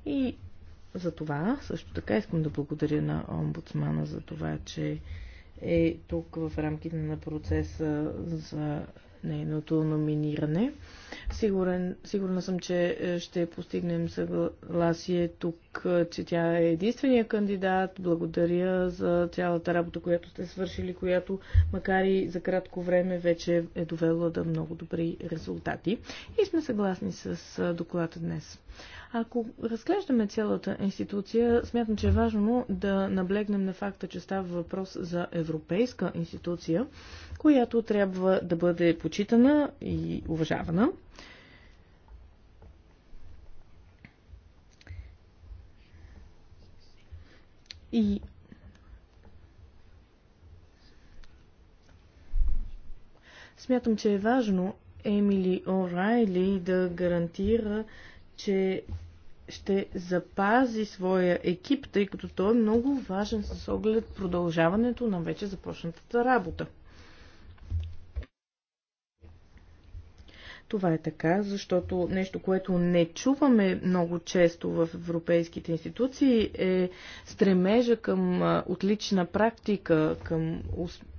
И за това също така искам да благодаря на омбудсмана за това, че е тук в рамките на процеса за нейното номиниране. Сигурен, сигурна съм, че е, ще постигнем съгласие тук, е, че тя е единствения кандидат. Благодаря за цялата работа, която сте свършили, която макар и за кратко време вече е довела до много добри резултати. И сме съгласни с е, доклада днес. Ако разглеждаме цялата институция, смятам, че е важно да наблегнем на факта, че става въпрос за европейска институция, която трябва да бъде почитана и уважавана. И смятам, че е важно Емили Орайли да гарантира, че ще запази своя екип, тъй като той е много важен с оглед продължаването на вече започнатата работа. Това е така, защото нещо, което не чуваме много често в европейските институции е стремежа към отлична практика, към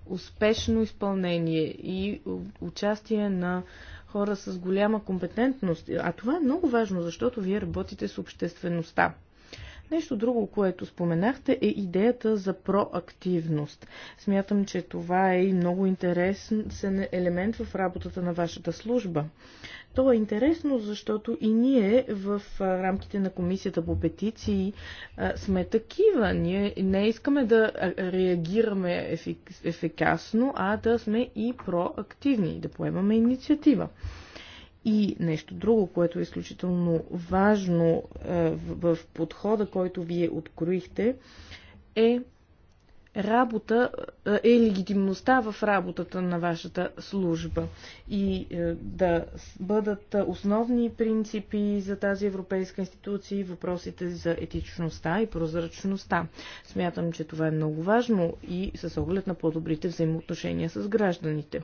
успешно изпълнение и участие на хора с голяма компетентност. А това е много важно, защото вие работите с обществеността. Нещо друго, което споменахте е идеята за проактивност. Смятам, че това е и много интересен елемент в работата на вашата служба. То е интересно, защото и ние в рамките на комисията по петиции сме такива. Ние не искаме да реагираме ефикасно, а да сме и проактивни, да поемаме инициатива. И нещо друго, което е изключително важно е, в подхода, който вие откроихте, е работа е, е легитимността в работата на вашата служба и е, да бъдат основни принципи за тази европейска институция и въпросите за етичността и прозрачността. Смятам, че това е много важно и с оглед на по-добрите взаимоотношения с гражданите.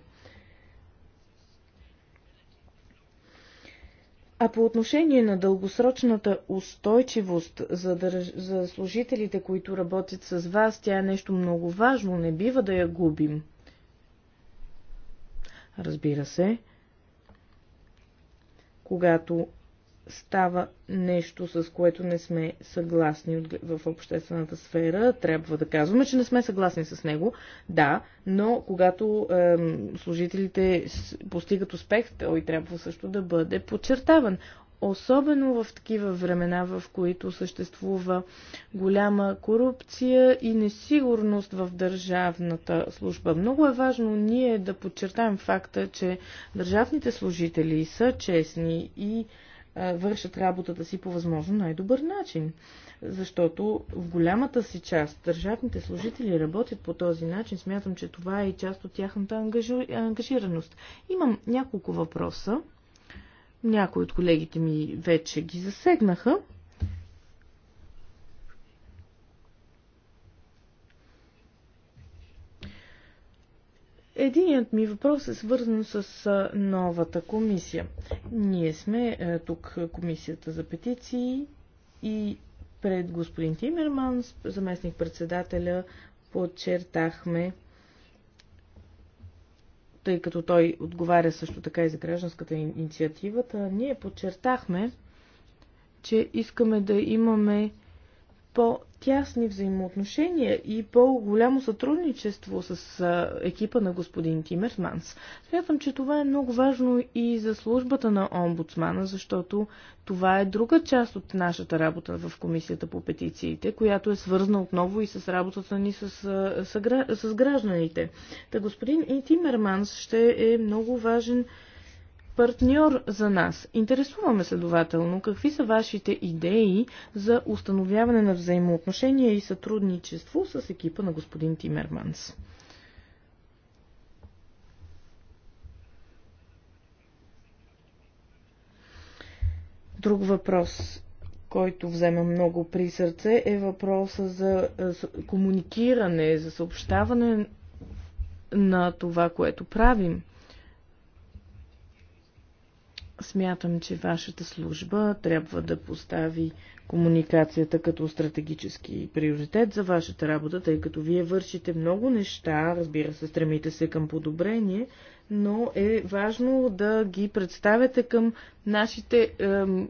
А по отношение на дългосрочната устойчивост за, държ... за служителите, които работят с вас, тя е нещо много важно, не бива да я губим. Разбира се, когато става нещо, с което не сме съгласни в обществената сфера, трябва да казваме, че не сме съгласни с него, да, но когато е, служителите постигат успех, той трябва също да бъде подчертаван. Особено в такива времена, в които съществува голяма корупция и несигурност в държавната служба. Много е важно ние да подчертаем факта, че държавните служители са честни и вършат работата си по възможно най-добър начин. Защото в голямата си част държавните служители работят по този начин. Смятам, че това е и част от тяхната ангажираност. Имам няколко въпроса. Някои от колегите ми вече ги засегнаха. Единият ми въпрос е свързан с новата комисия. Ние сме тук комисията за петиции и пред господин Тимерман, заместник председателя, подчертахме, тъй като той отговаря също така и за гражданската инициативата, ние подчертахме, че искаме да имаме по-тясни взаимоотношения и по-голямо сътрудничество с екипа на господин Тимерманс. Смятам, че това е много важно и за службата на омбудсмана, защото това е друга част от нашата работа в Комисията по петициите, която е свързана отново и с работата ни с, с, с гражданите. Та господин и Тимерманс ще е много важен партньор за нас. Интересуваме следователно какви са вашите идеи за установяване на взаимоотношения и сътрудничество с екипа на господин Тимерманс. Друг въпрос, който взема много при сърце, е въпроса за е, комуникиране, за съобщаване на това, което правим. Смятам, че вашата служба трябва да постави комуникацията като стратегически приоритет за вашата работа, тъй като вие вършите много неща, разбира се, стремите се към подобрение, но е важно да ги представяте към нашите ем,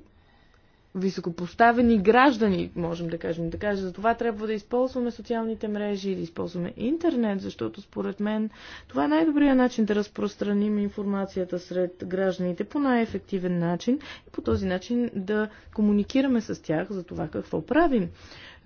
високопоставени граждани, можем да кажем. Така Да за това трябва да използваме социалните мрежи да използваме интернет, защото според мен това е най-добрият начин да разпространим информацията сред гражданите по най-ефективен начин и по този начин да комуникираме с тях за това какво правим.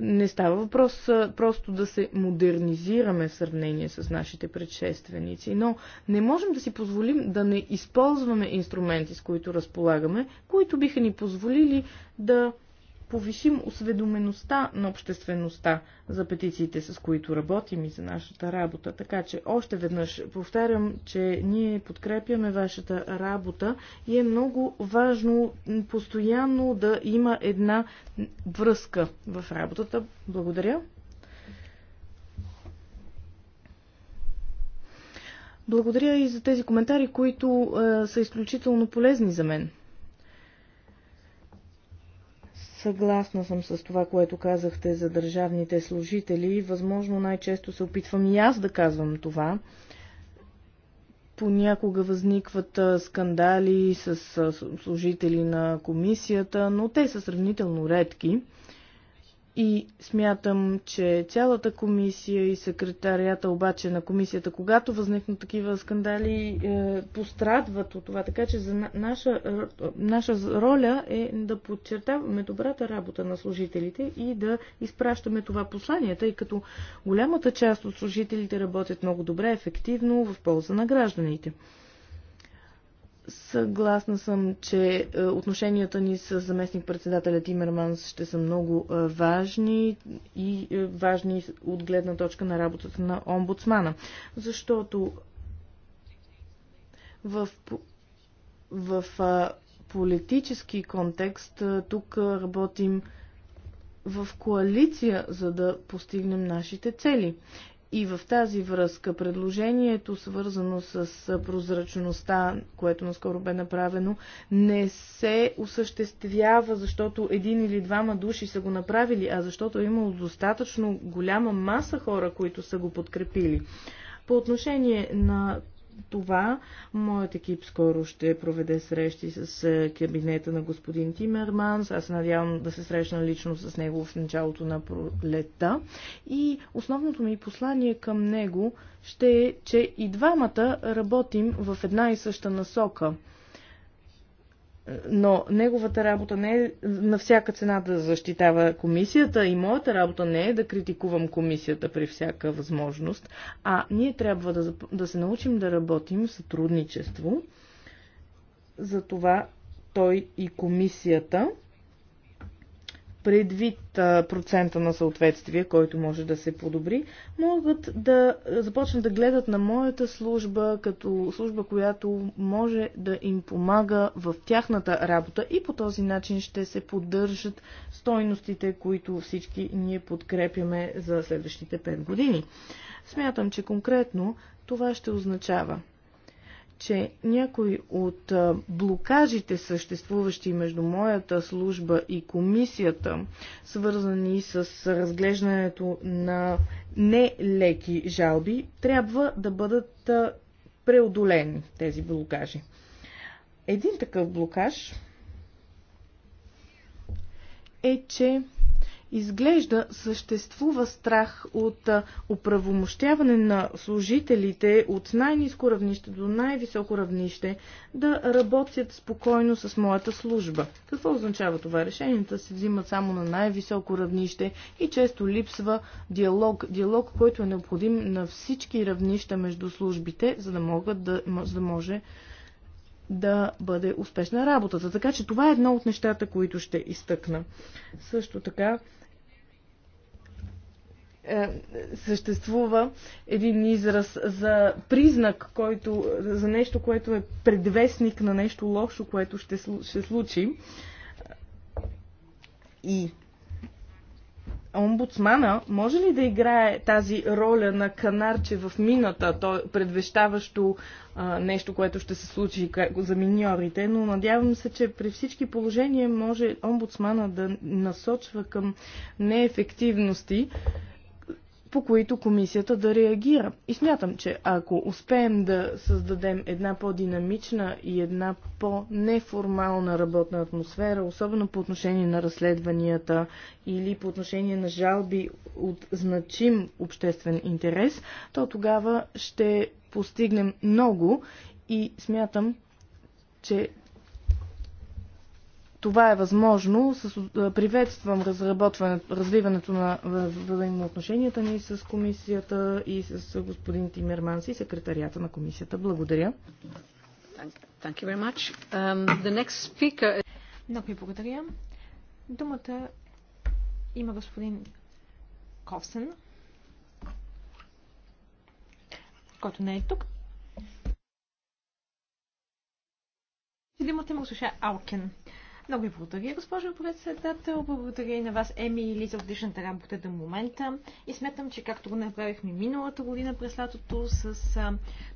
Не става въпрос просто да се модернизираме в сравнение с нашите предшественици, но не можем да си позволим да не използваме инструменти, с които разполагаме, които биха ни позволили да повишим осведомеността на обществеността за петициите, с които работим и за нашата работа. Така че още веднъж повтарям, че ние подкрепяме вашата работа и е много важно постоянно да има една връзка в работата. Благодаря. Благодаря и за тези коментари, които е, са изключително полезни за мен. Съгласна съм с това, което казахте за държавните служители. Възможно най-често се опитвам и аз да казвам това. Понякога възникват скандали с служители на комисията, но те са сравнително редки. И смятам, че цялата комисия и секретарията обаче на комисията, когато възникнат такива скандали, е, пострадват от това. Така че за наша, е, наша роля е да подчертаваме добрата работа на служителите и да изпращаме това послание, тъй като голямата част от служителите работят много добре, ефективно, в полза на гражданите. Съгласна съм, че е, отношенията ни с заместник-председателя Тимерманс ще са много е, важни и е, важни от гледна точка на работата на омбудсмана. Защото в, в политически контекст тук работим в коалиция, за да постигнем нашите цели. И в тази връзка предложението, свързано с прозрачността, което наскоро бе направено, не се осъществява, защото един или двама души са го направили, а защото е имало достатъчно голяма маса хора, които са го подкрепили. По отношение на това моят екип скоро ще проведе срещи с е, кабинета на господин Тимерманс. Аз се надявам да се срещна лично с него в началото на пролета. И основното ми послание към него ще е, че и двамата работим в една и съща насока – но неговата работа не е на всяка цена да защитава комисията и моята работа не е да критикувам комисията при всяка възможност, а ние трябва да, да се научим да работим в сътрудничество. Затова той и комисията предвид процента на съответствие, който може да се подобри, могат да започнат да гледат на моята служба като служба, която може да им помага в тяхната работа и по този начин ще се поддържат стойностите, които всички ние подкрепяме за следващите 5 години. Смятам, че конкретно това ще означава че някои от блокажите, съществуващи между моята служба и комисията, свързани с разглеждането на нелеки жалби, трябва да бъдат преодолени тези блокажи. Един такъв блокаж е, че Изглежда съществува страх от оправомощяване на служителите от най-низко равнище до най-високо равнище да работят спокойно с моята служба. Какво означава това? Решенията се взимат само на най-високо равнище и често липсва диалог. Диалог, който е необходим на всички равнища между службите, за да, могат да, за да може да бъде успешна работата. Така че това е едно от нещата, които ще изтъкна. Също така, е, съществува един израз за признак, който, за нещо, което е предвестник на нещо лошо, което ще, ще случи. И омбудсмана може ли да играе тази роля на канарче в мината, то предвещаващо а, нещо, което ще се случи за миньорите, но надявам се, че при всички положения може омбудсмана да насочва към неефективности по които комисията да реагира. И смятам, че ако успеем да създадем една по-динамична и една по-неформална работна атмосфера, особено по отношение на разследванията или по отношение на жалби от значим обществен интерес, то тогава ще постигнем много и смятам, че това е възможно. С, е, приветствам разработването, развиването на е, взаимоотношенията ни с комисията и с господин Тимерманс и секретарията на комисията. Благодаря. Thank you very much. Um, the next speaker... Много ви благодаря. Думата има господин Ковсен, който не е тук. Думата му слуша Алкен. Uh, много ви благодаря, госпожо председател. Благодаря и на вас, Еми и Лиза, отличната работа до момента. И смятам, че както го направихме миналата година през лятото, с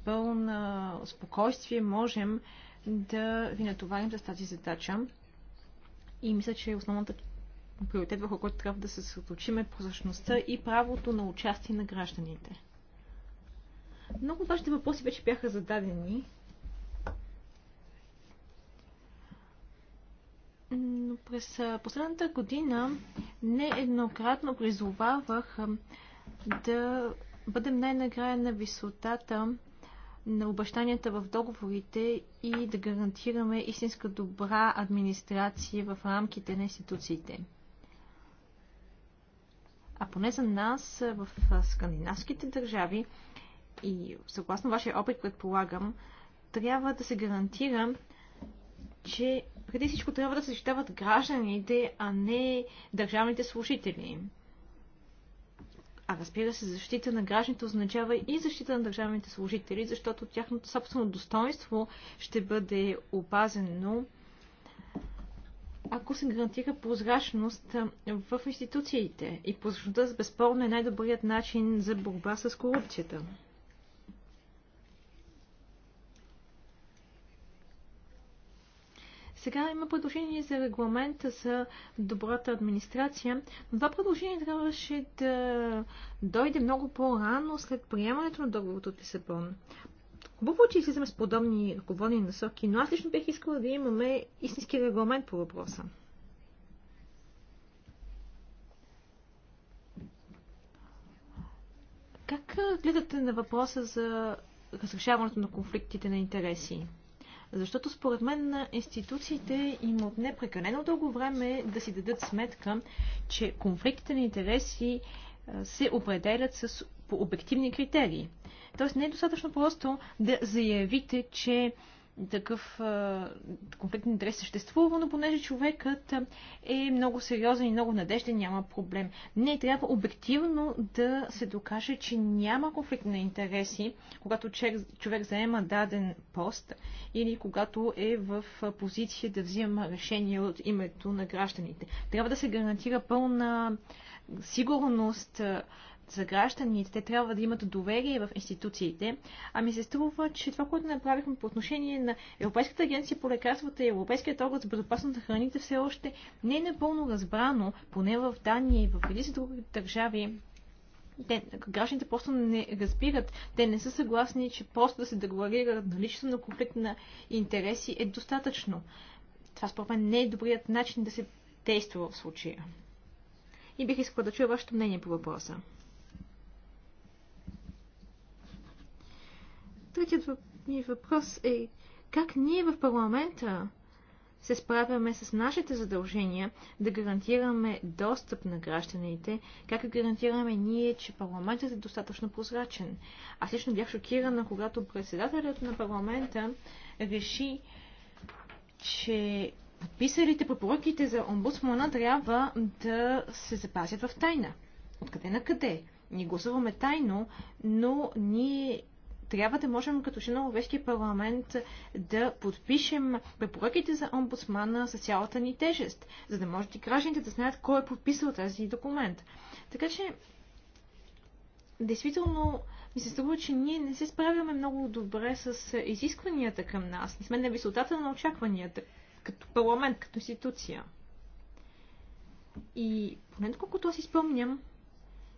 пълна спокойствие можем да ви натоварим с тази задача. И мисля, че основната приоритет, върху който трябва да се съсредоточим е прозрачността и правото на участие на гражданите. Много важни въпроси вече бяха зададени. Но през последната година нееднократно призовавах да бъдем най-накрая на висотата на обещанията в договорите и да гарантираме истинска добра администрация в рамките на институциите. А поне за нас в скандинавските държави и съгласно вашия опит предполагам, трябва да се гарантира, че преди всичко трябва да защитават гражданите, а не държавните служители. А разбира се, защита на гражданите означава и защита на държавните служители, защото тяхното собствено достоинство ще бъде опазено, ако се гарантира прозрачност в институциите. И прозрачността безспорно е най-добрият начин за борба с корупцията. Сега има предложение за регламента за добрата администрация, но това предложение трябваше да дойде много по-рано след приемането на договорът от Лисабон. Хубаво, е, че излизаме с подобни ръководни насоки, но аз лично бях искала да имаме истински регламент по въпроса. Как гледате на въпроса за разрешаването на конфликтите на интереси? Защото според мен на институциите им от непрекалено дълго време да си дадат сметка, че конфликтите на интереси се определят с по обективни критерии. Тоест не е достатъчно просто да заявите, че такъв конфликт на интерес съществува, но понеже човекът е много сериозен и много надежден, няма проблем. Не, трябва обективно да се докаже, че няма конфликт на интереси, когато човек, човек заема даден пост или когато е в позиция да взема решение от името на гражданите. Трябва да се гарантира пълна сигурност за гражданите. Те трябва да имат доверие в институциите. А ми се струва, че това, което направихме по отношение на Европейската агенция по лекарствата и Европейският орган за безопасност на храните все още не е напълно разбрано, поне в Дания и в един други държави, те, гражданите просто не разбират. Те не са съгласни, че просто да се декларира наличието на конфликт на интереси е достатъчно. Това според мен не е добрият начин да се действа в случая. И бих искала да чуя вашето мнение по въпроса. Третият ми въпрос е как ние в парламента се справяме с нашите задължения да гарантираме достъп на гражданите, как гарантираме ние, че парламентът е достатъчно прозрачен. Аз лично бях шокирана, когато председателят на парламента реши, че подписалите препоръките за омбудсмана трябва да се запазят в тайна. Откъде на къде? Ние гласуваме тайно, но ние трябва да можем като член на Европейския парламент да подпишем препоръките за омбудсмана с цялата ни тежест, за да може и гражданите да знаят кой е подписал тази документ. Така че, действително, ми се струва, че ние не се справяме много добре с изискванията към нас. Не сме на висотата на очакванията като парламент, като институция. И поне колкото си спомням,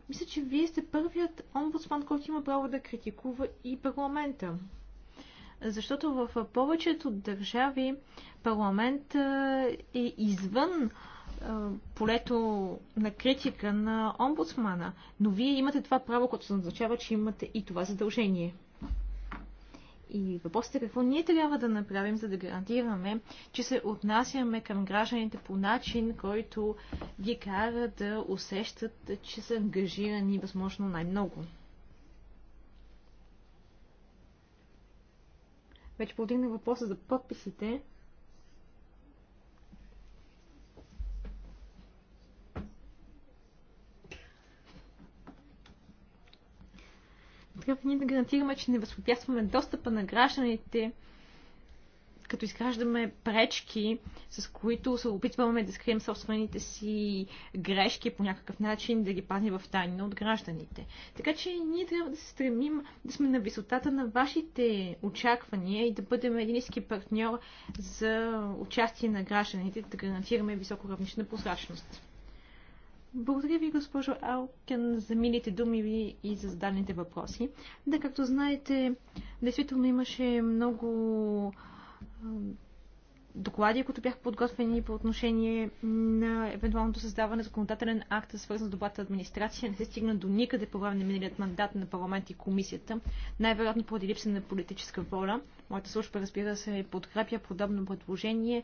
мисля, че вие сте първият омбудсман, който има право да критикува и парламента. Защото в повечето държави парламент е извън полето на критика на омбудсмана. Но вие имате това право, което означава, че имате и това задължение. И въпросът е какво ние трябва да направим, за да гарантираме, че се отнасяме към гражданите по начин, който ги кара да усещат, че са ангажирани възможно най-много. Вече повдигна въпроса за подписите. такъв ние да гарантираме, че не възпрепятстваме достъпа на гражданите, като изграждаме пречки, с които се опитваме да скрием собствените си грешки по някакъв начин, да ги пазим в тайна от гражданите. Така че ние трябва да се стремим да сме на висотата на вашите очаквания и да бъдем едински партньор за участие на гражданите, да гарантираме високо равнище на прозрачност. Благодаря ви, госпожо Алкен, за милите думи ви и за зададените въпроси. Да, както знаете, действително имаше много доклади, които бяха подготвени по отношение на евентуалното създаване на законодателен акт, свързан с добрата администрация, не се стигна до никъде по време на миналият мандат на парламент и комисията, най-вероятно поради липса на политическа воля. Моята служба, разбира се, подкрепя подобно предложение.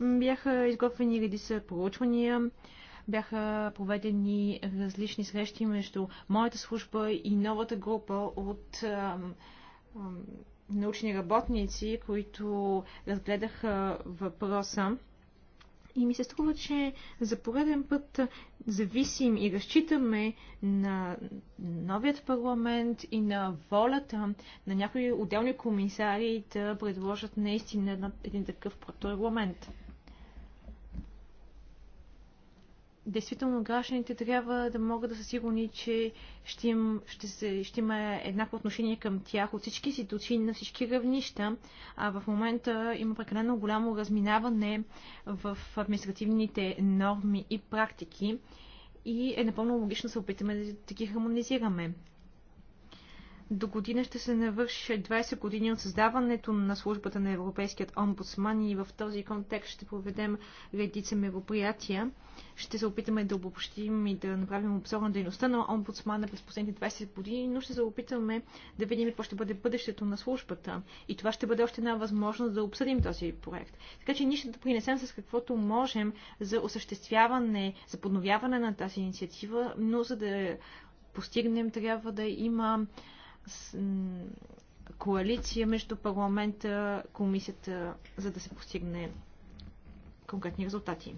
Бяха изготвени редица проучвания, бяха проведени различни срещи между моята служба и новата група от научни работници, които разгледаха въпроса. И ми се струва, че за пореден път зависим и разчитаме на новият парламент и на волята на някои отделни комисари да предложат наистина един такъв парламент. регламент. действително гражданите трябва да могат да са сигурни, че ще, им, ще, се, ще има еднакво отношение към тях от всички институции на всички равнища. А в момента има прекалено голямо разминаване в административните норми и практики и е напълно логично да се опитаме да ги хармонизираме. До година ще се навърши 20 години от създаването на службата на Европейският омбудсман и в този контекст ще проведем редица мероприятия. Ще се опитаме да обобщим и да направим обзор на дейността на омбудсмана през последните 20 години, но ще се опитаме да видим какво ще бъде бъдещето на службата. И това ще бъде още една възможност да обсъдим този проект. Така че ние ще принесем с каквото можем за осъществяване, за подновяване на тази инициатива, но за да постигнем трябва да има коалиция между парламента, комисията, за да се постигне конкретни резултати.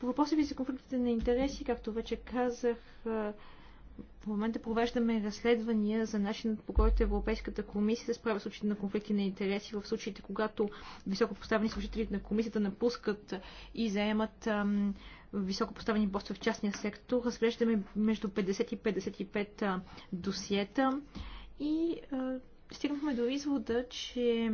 По въпроса ви за конфликтите на интереси, както вече казах, в момента провеждаме разследвания за начинът по който Европейската комисия се справя с случаите на конфликти на интереси в случаите, когато високопоставени служители на комисията напускат и заемат ам, високопоставени постове в частния сектор. Разглеждаме между 50 и 55 досиета и а, стигнахме до извода, че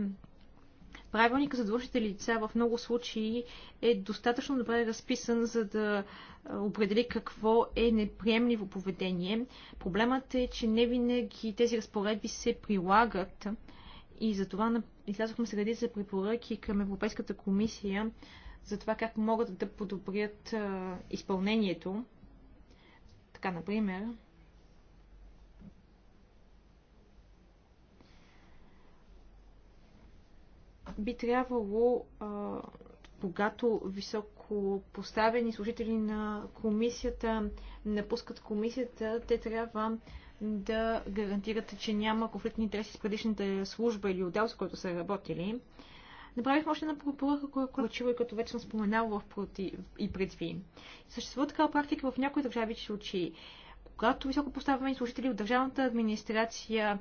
правилника за длъжните лица в много случаи е достатъчно добре разписан, за да определи какво е неприемливо поведение. Проблемът е, че не винаги тези разпоредби се прилагат и затова излязохме с редица препоръки към Европейската комисия за това как могат да подобрят изпълнението. Така, например, би трябвало, когато високо поставени служители на комисията напускат комисията, те трябва да гарантират, че няма конфликтни интереси с предишната служба или отдел, с който са работили. Направихме още една препоръка, която чува и като вече съм споменала в проти... и предви. Съществува такава практика в някои държави случаи. Когато високо поставени служители от държавната администрация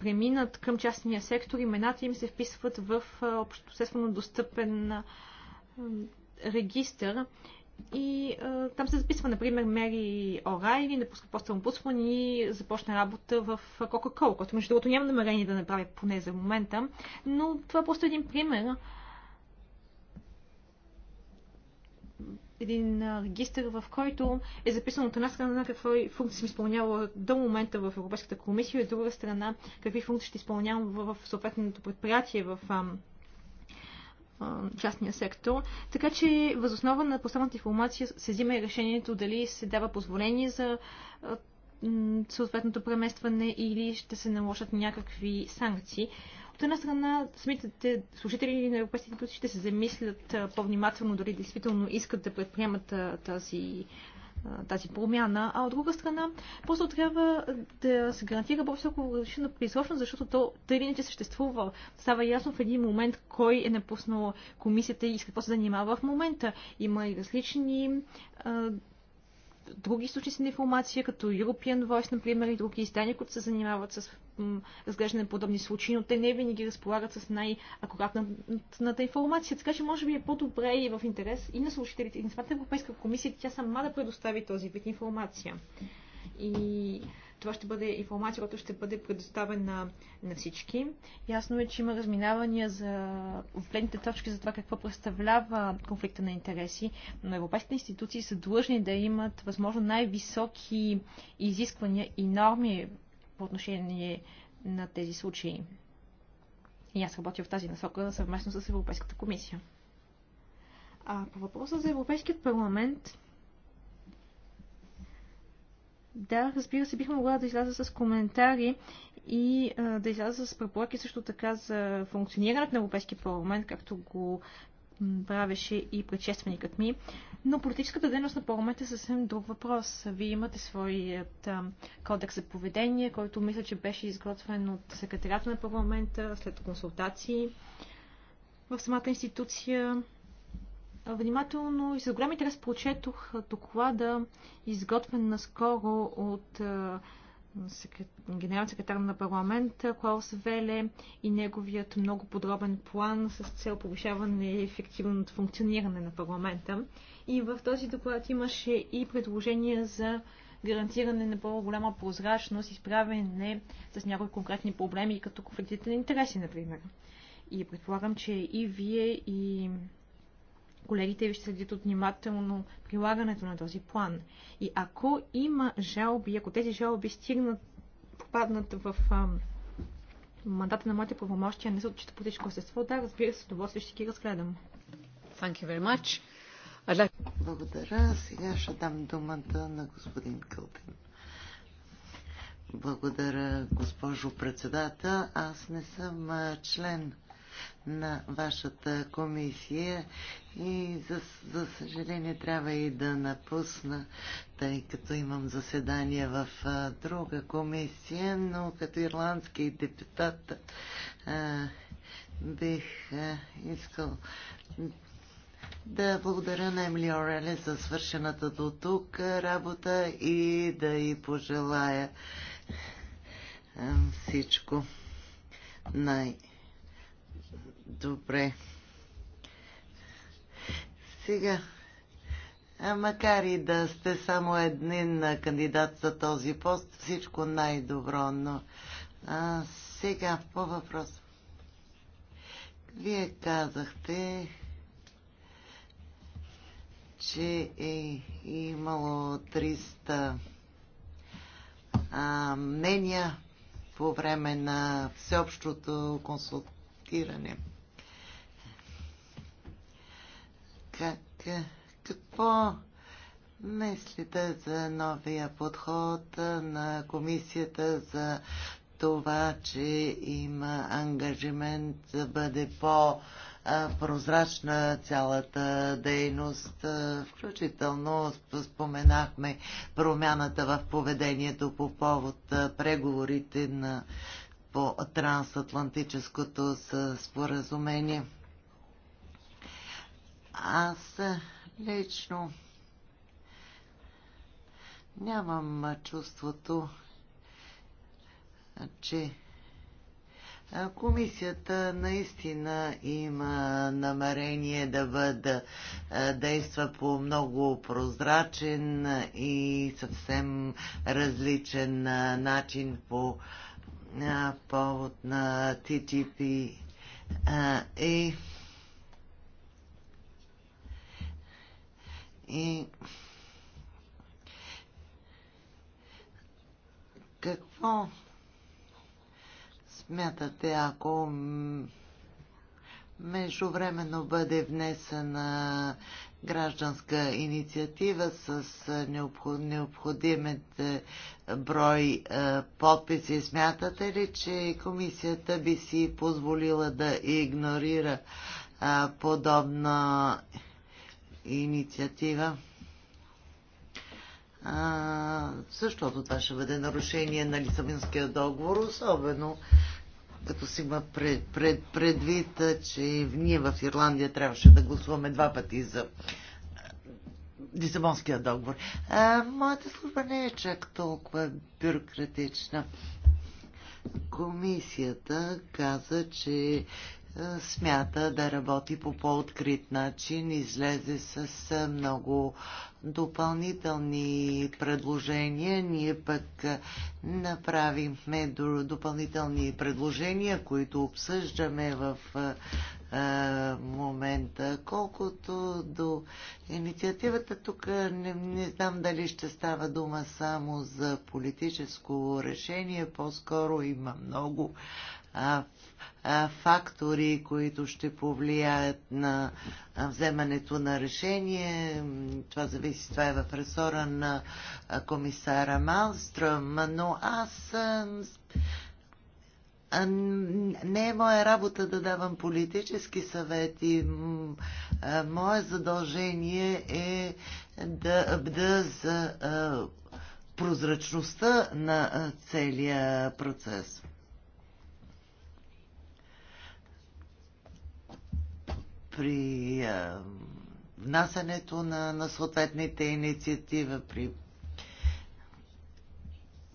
преминат към частния сектор, имената им се вписват в обществено достъпен регистър и а, там се записва, например, Мери Орайли, напуска поста омбудсман и започна работа в Кока-Кола, което между другото нямам намерение да направя поне за момента, но това е просто един пример един регистр, в който е записано от една страна какво е функции съм изпълнява до момента в Европейската комисия, и от друга страна какви функции ще изпълнявам в, в съответното предприятие в частния сектор. Така че възоснова на поставната информация се взима и решението дали се дава позволение за съответното преместване или ще се наложат някакви санкции. От една страна, самите служители на европейските институции ще се замислят по-внимателно дори действително искат да предприемат тази тази промяна, а от друга страна просто трябва да се гарантира по-високо различна присрочно, защото то тъй или иначе съществува. Става ясно в един момент кой е напуснал комисията и с какво се занимава в момента. Има и различни а, други източници на информация, като European Voice, например, и други издания, които се занимават с разглеждане на подобни случаи, но те не винаги разполагат с най-акуратната информация. Така че, може би е по-добре и в интерес и на слушателите, и на самата Европейска комисия, тя сама да предостави този вид информация. И това ще бъде информация, която ще бъде предоставена на всички. Ясно е, че има разминавания за гледните точки за това какво представлява конфликта на интереси, но европейските институции са длъжни да имат възможно най-високи изисквания и норми по отношение на тези случаи. И аз работя в тази насока съвместно с Европейската комисия. А по въпроса за Европейският парламент, да, разбира се, бих могла да изляза с коментари и а, да изляза с препоръки също така за функционирането на Европейския парламент, както го правеше и предшественикът ми. Но политическата дейност на парламента е съвсем друг въпрос. Вие имате своят а, кодекс за поведение, който мисля, че беше изготвен от секретарята на парламента след консултации в самата институция внимателно и с голям интерес прочетох доклада, изготвен наскоро от Генерал секретар на парламента Клаус Веле и неговият много подробен план с цел повишаване и ефективното функциониране на парламента. И в този доклад имаше и предложения за гарантиране на по-голяма прозрачност и справяне с някои конкретни проблеми, като конфликтите на интереси, например. И предполагам, че и вие, и колегите ви ще следят от внимателно прилагането на този план. И ако има жалби, ако тези жалби стигнат, попаднат в ам, мандата на моите правомощия, не са отчита политическо естество, да, разбира се, с удоволствие ще ги разгледам. Thank you very much. Like... Благодаря. Сега ще дам думата на господин Кълтин. Благодаря, госпожо председател. Аз не съм член на вашата комисия и за, за съжаление трябва и да напусна, тъй като имам заседание в а, друга комисия, но като ирландски депутат а, бих а, искал да благодаря на Емли Орели за свършената до тук работа и да й пожелая всичко най- Добре. Сега, макар и да сте само един кандидат за този пост, всичко най-добро, но а, сега по въпрос. Вие казахте, че е имало 300 а, мнения по време на всеобщото консултиране. Как, какво мислите за новия подход на комисията за това, че има ангажимент да бъде по- прозрачна цялата дейност. Включително споменахме промяната в поведението по повод преговорите на, по трансатлантическото споразумение. Аз лично нямам чувството, че Комисията наистина има намерение да бъде действа по много прозрачен и съвсем различен начин по повод на ТТП и И какво смятате, ако междувременно бъде внесена гражданска инициатива с необходимите брой подписи. Смятате ли, че комисията би си позволила да игнорира подобна инициатива? инициатива. А, защото това ще бъде нарушение на Лисабинския договор, особено като си има пред, пред, предвид, че ние в Ирландия трябваше да гласуваме два пъти за Лисабонския договор. А, моята служба не е чак толкова бюрократична. Комисията каза, че смята да работи по по-открит начин, излезе с много допълнителни предложения. Ние пък направихме допълнителни предложения, които обсъждаме в момента. Колкото до инициативата, тук не, не знам дали ще става дума само за политическо решение, по-скоро има много фактори, които ще повлияят на вземането на решение. Това зависи, това е в ресора на комисара Малстръм, но аз не е моя работа да давам политически съвети. Мое задължение е да бда за прозрачността на целия процес. при а, внасянето на, на съответните инициативи, при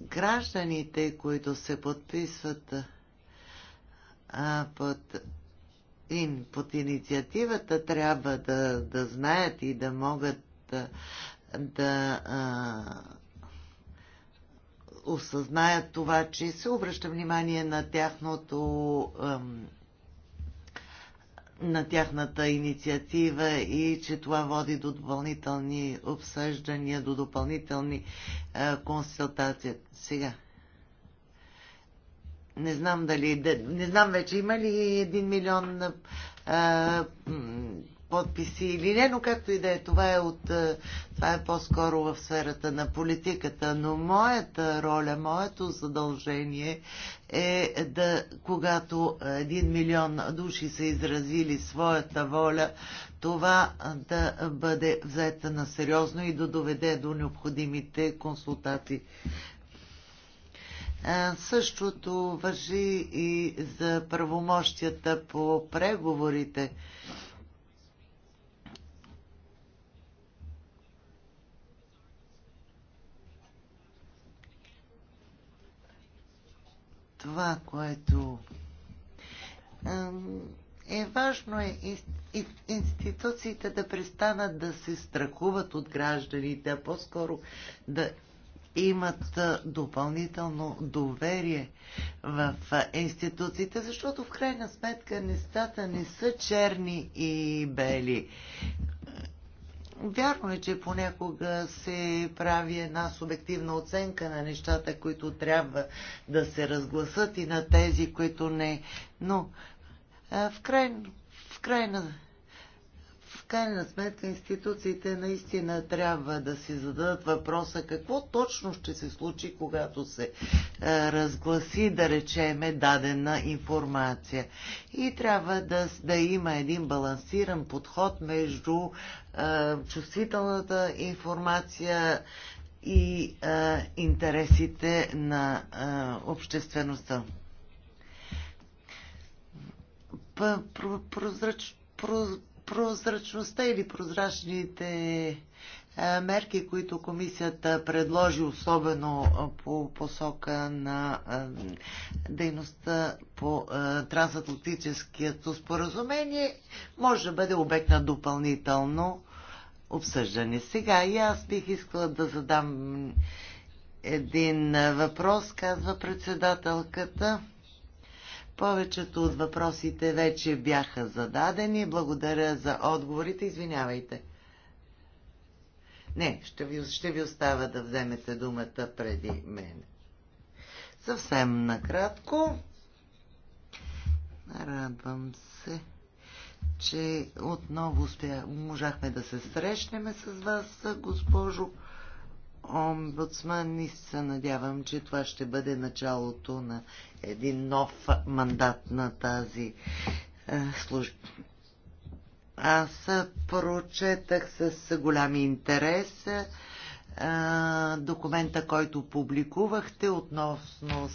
гражданите, които се подписват а, под, ин, под инициативата, трябва да, да знаят и да могат да, да а, осъзнаят това, че се обръща внимание на тяхното на тяхната инициатива и че това води до допълнителни обсъждания, до допълнителни е, консултации. Сега. Не знам дали. Не знам вече има ли един милион е, подписи или не, но както и да е, това е, от, е, това е по-скоро в сферата на политиката. Но моята роля, моето задължение е да, когато един милион души са изразили своята воля, това да бъде взета на сериозно и да доведе до необходимите консултации. Е, същото въжи и за правомощията по преговорите. това, което е важно е институциите да престанат да се страхуват от гражданите, а по-скоро да имат допълнително доверие в институциите, защото в крайна сметка нещата не са черни и бели. Вярно е, че понякога се прави една субективна оценка на нещата, които трябва да се разгласат и на тези, които не. Но в, край, в, крайна, в крайна сметка институциите наистина трябва да си зададат въпроса какво точно ще се случи, когато се разгласи, да речеме, дадена информация. И трябва да, да има един балансиран подход между чувствителната информация и а, интересите на а, обществеността. Прозрач, проз, прозрачността или прозрачните а, мерки, които комисията предложи, особено по посока на а, дейността по а, трансатлантическото споразумение, може да бъде обект на допълнително обсъждане. Сега и аз бих искала да задам един въпрос, казва председателката. Повечето от въпросите вече бяха зададени. Благодаря за отговорите. Извинявайте. Не, ще ви, ще ви оставя да вземете думата преди мен. Съвсем накратко. Радвам се че отново можахме да се срещнем с вас, госпожо омбудсман и се надявам, че това ще бъде началото на един нов мандат на тази е, служба. Аз прочетах с голям интерес документа, който публикувахте относно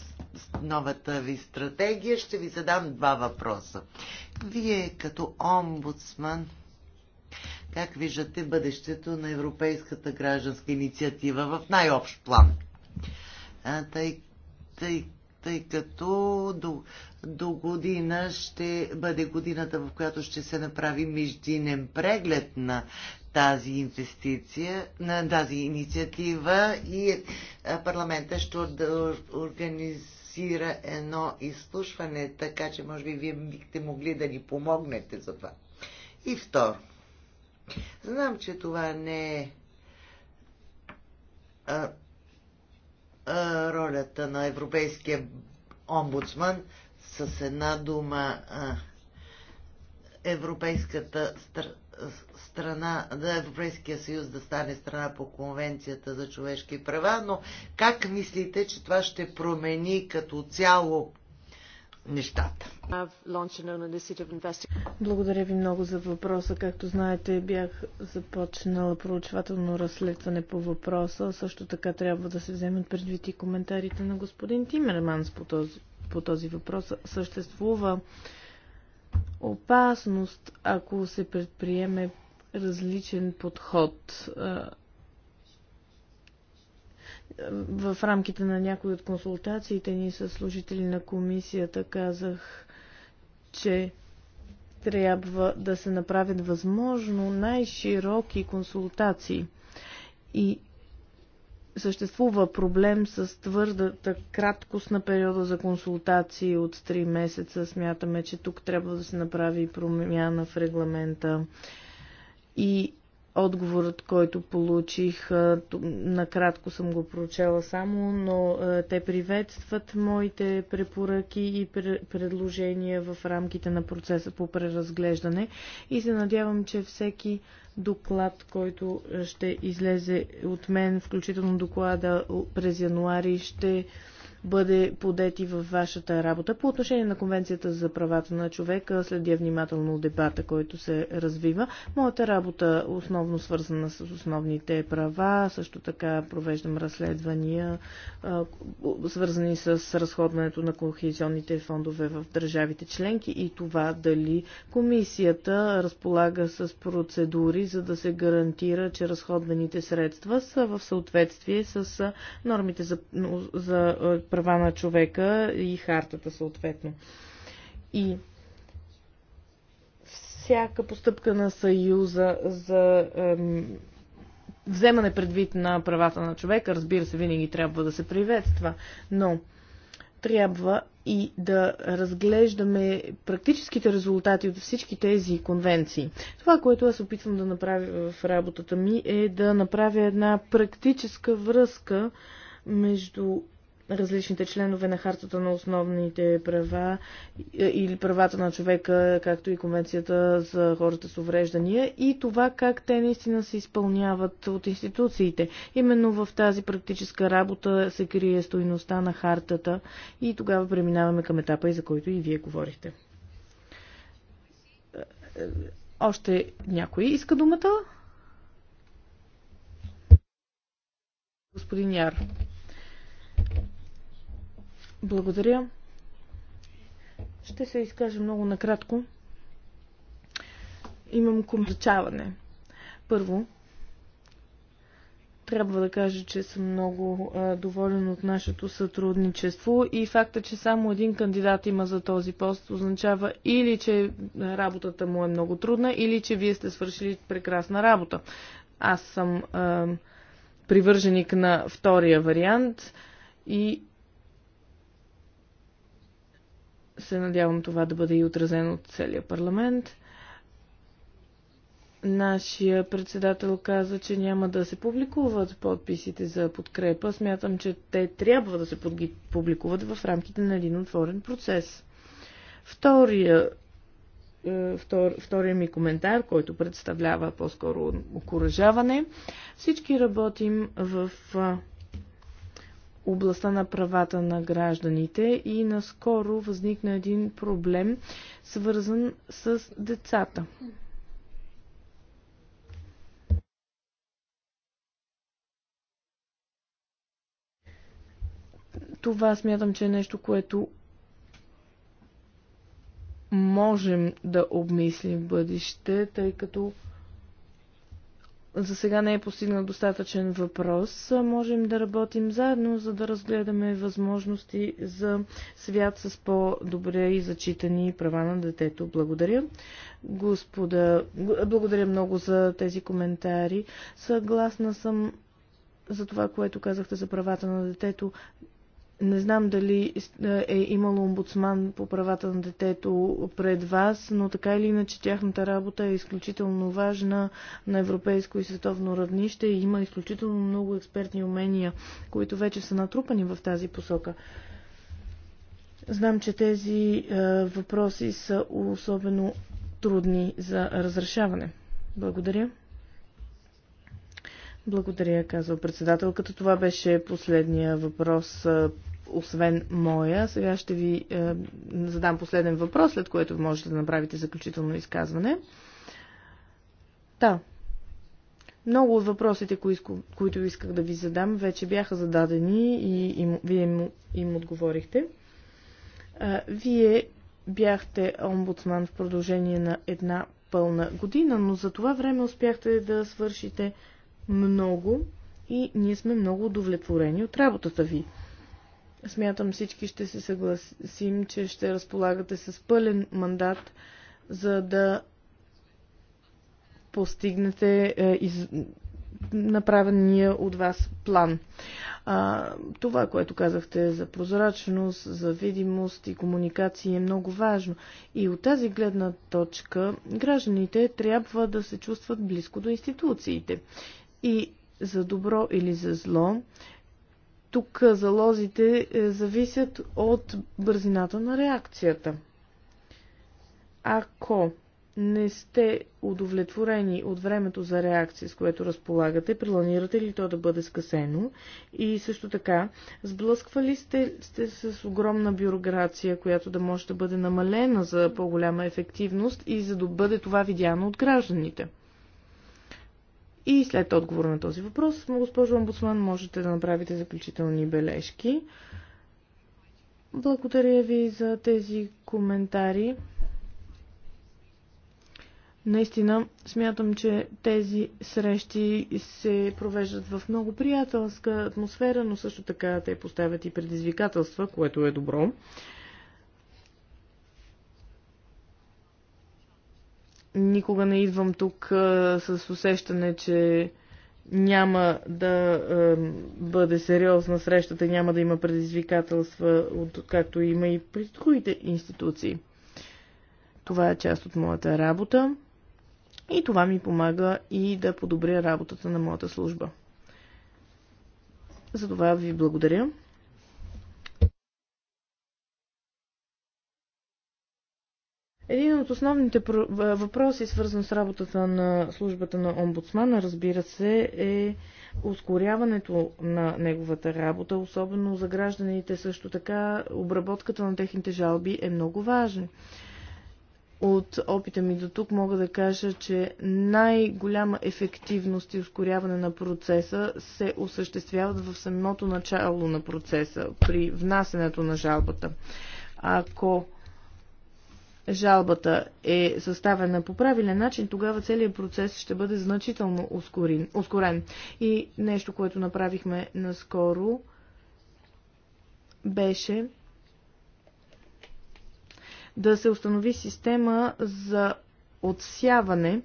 новата ви стратегия. Ще ви задам два въпроса. Вие като омбудсман, как виждате бъдещето на Европейската гражданска инициатива в най-общ план? А, тъй, тъй, тъй като до, до година ще бъде годината, в която ще се направи междинен преглед на тази инвестиция, на тази инициатива и е, парламента ще организира едно изслушване, така че може би вие бихте могли да ни помогнете за това. И второ, знам, че това не е а, а, ролята на Европейския омбудсман с една дума а, Европейската страна страна, да Европейския съюз да стане страна по Конвенцията за човешки права, но как мислите, че това ще промени като цяло нещата? Благодаря ви много за въпроса. Както знаете, бях започнала проучвателно разследване по въпроса. Също така трябва да се вземат предвид и коментарите на господин Тимерманс по този, по този въпрос. Съществува опасност, ако се предприеме различен подход в рамките на някои от консултациите ни с служители на комисията казах, че трябва да се направят възможно най-широки консултации. И съществува проблем с твърдата краткост на периода за консултации от 3 месеца. Смятаме, че тук трябва да се направи промяна в регламента и отговорът, който получих. Накратко съм го прочела само, но те приветстват моите препоръки и предложения в рамките на процеса по преразглеждане и се надявам, че всеки доклад, който ще излезе от мен, включително доклада през януари, ще бъде подети във вашата работа. По отношение на Конвенцията за правата на човека, следя внимателно дебата, който се развива. Моята работа основно свързана с основните права, също така провеждам разследвания, свързани с разходването на кохезионните фондове в държавите членки и това дали комисията разполага с процедури, за да се гарантира, че разходваните средства са в съответствие с нормите за, за права на човека и хартата съответно. И всяка постъпка на Съюза за ем, вземане предвид на правата на човека, разбира се, винаги трябва да се приветства, но трябва и да разглеждаме практическите резултати от всички тези конвенции. Това, което аз опитвам да направя в работата ми е да направя една практическа връзка между различните членове на Хартата на основните права или правата на човека, както и Конвенцията за хората с увреждания и това как те наистина се изпълняват от институциите. Именно в тази практическа работа се крие стоиността на Хартата и тогава преминаваме към етапа, и за който и вие говорихте. Още някой иска думата? Господин Яр. Благодаря. Ще се изкажа много накратко. Имам комплечаване. Първо, трябва да кажа, че съм много а, доволен от нашето сътрудничество и факта, че само един кандидат има за този пост, означава или, че работата му е много трудна, или, че вие сте свършили прекрасна работа. Аз съм а, привърженик на втория вариант и се надявам това да бъде и отразено от целия парламент. Нашия председател каза, че няма да се публикуват подписите за подкрепа. Смятам, че те трябва да се публикуват в рамките на един отворен процес. Втория, е, втор, втория ми коментар, който представлява по-скоро окоръжаване. Всички работим в е, областта на правата на гражданите и наскоро възникна един проблем, свързан с децата. Това смятам, че е нещо, което можем да обмислим в бъдеще, тъй като за сега не е постигнал достатъчен въпрос. Можем да работим заедно, за да разгледаме възможности за свят с по-добре и зачитани права на детето. Благодаря. Господа, благодаря много за тези коментари. Съгласна съм за това, което казахте за правата на детето. Не знам дали е, е имало омбудсман по правата на детето пред вас, но така или иначе тяхната работа е изключително важна на европейско и световно равнище и има изключително много експертни умения, които вече са натрупани в тази посока. Знам, че тези е, въпроси са особено трудни за разрешаване. Благодаря. Благодаря, казва председателката. Това беше последния въпрос, освен моя. Сега ще ви е, задам последен въпрос, след което можете да направите заключително изказване. Да. Много от въпросите, които исках да ви задам, вече бяха зададени и им, вие им, им отговорихте. А, вие бяхте омбудсман в продължение на една пълна година, но за това време успяхте да свършите много и ние сме много удовлетворени от работата ви. Смятам всички ще се съгласим, че ще разполагате с пълен мандат, за да постигнете е, из, направения от вас план. А, това, което казахте за прозрачност, за видимост и комуникация е много важно. И от тази гледна точка гражданите трябва да се чувстват близко до институциите. И за добро или за зло, тук залозите е, зависят от бързината на реакцията. Ако не сте удовлетворени от времето за реакция, с което разполагате, планирате ли то да бъде скъсено и също така сблъсквали сте, сте с огромна бюрокрация, която да може да бъде намалена за по-голяма ефективност и за да бъде това видяно от гражданите. И след отговор на този въпрос, госпожо Омбудсман, можете да направите заключителни бележки. Благодаря ви за тези коментари. Наистина, смятам, че тези срещи се провеждат в много приятелска атмосфера, но също така те поставят и предизвикателства, което е добро. никога не идвам тук а, с усещане, че няма да а, бъде сериозна срещата, няма да има предизвикателства, от, както има и при другите институции. Това е част от моята работа и това ми помага и да подобря работата на моята служба. За това ви благодаря. Един от основните въпроси, свързан с работата на службата на омбудсмана, разбира се, е ускоряването на неговата работа, особено за гражданите също така, обработката на техните жалби е много важна. От опита ми до тук мога да кажа, че най-голяма ефективност и ускоряване на процеса се осъществяват в самото начало на процеса, при внасенето на жалбата. Ако жалбата е съставена по правилен начин, тогава целият процес ще бъде значително ускорен. ускорен. И нещо, което направихме наскоро, беше да се установи система за отсяване,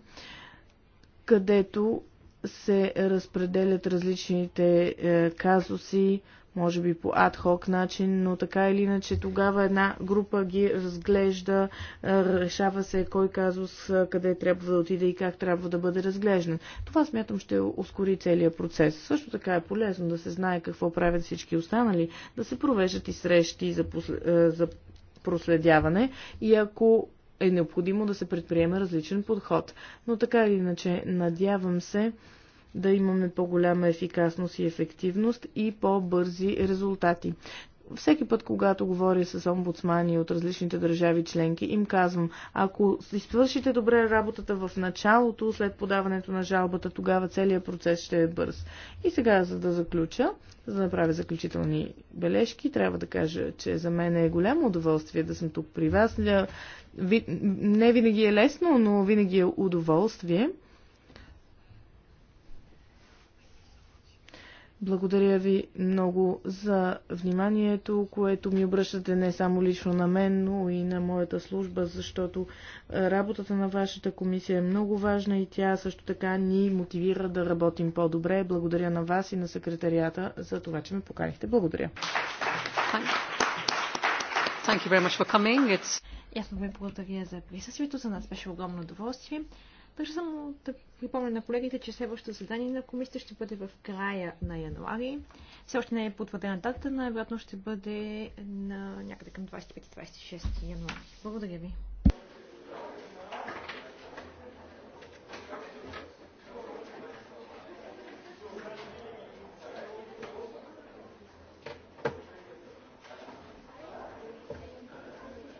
където се разпределят различните е, казуси може би по адхок начин, но така или иначе тогава една група ги разглежда, решава се кой казус къде трябва да отиде и как трябва да бъде разглеждан. Това смятам ще ускори целият процес. Също така е полезно да се знае какво правят всички останали, да се провеждат и срещи за, после... за проследяване и ако е необходимо да се предприеме различен подход. Но така или иначе, надявам се, да имаме по-голяма ефикасност и ефективност и по-бързи резултати. Всеки път, когато говоря с омбудсмани от различните държави членки, им казвам, ако извършите добре работата в началото, след подаването на жалбата, тогава целият процес ще е бърз. И сега, за да заключа, за да направя заключителни бележки, трябва да кажа, че за мен е голямо удоволствие да съм тук при вас. Не винаги е лесно, но винаги е удоволствие. Благодаря ви много за вниманието, което ми обръщате не само лично на мен, но и на моята служба, защото е, работата на вашата комисия е много важна и тя също така ни мотивира да работим по-добре. Благодаря на вас и на секретарията за това, че ме поканихте. Благодаря. Thank you very much for coming. It's... Ясно ви благодаря за присъствието. За нас беше огромно удоволствие. Държа само да припомня на колегите, че следващото задание на комисията ще бъде в края на януари. Все още не е потвърдена дата, най-вероятно ще бъде на някъде към 25-26 януари. Благодаря ви.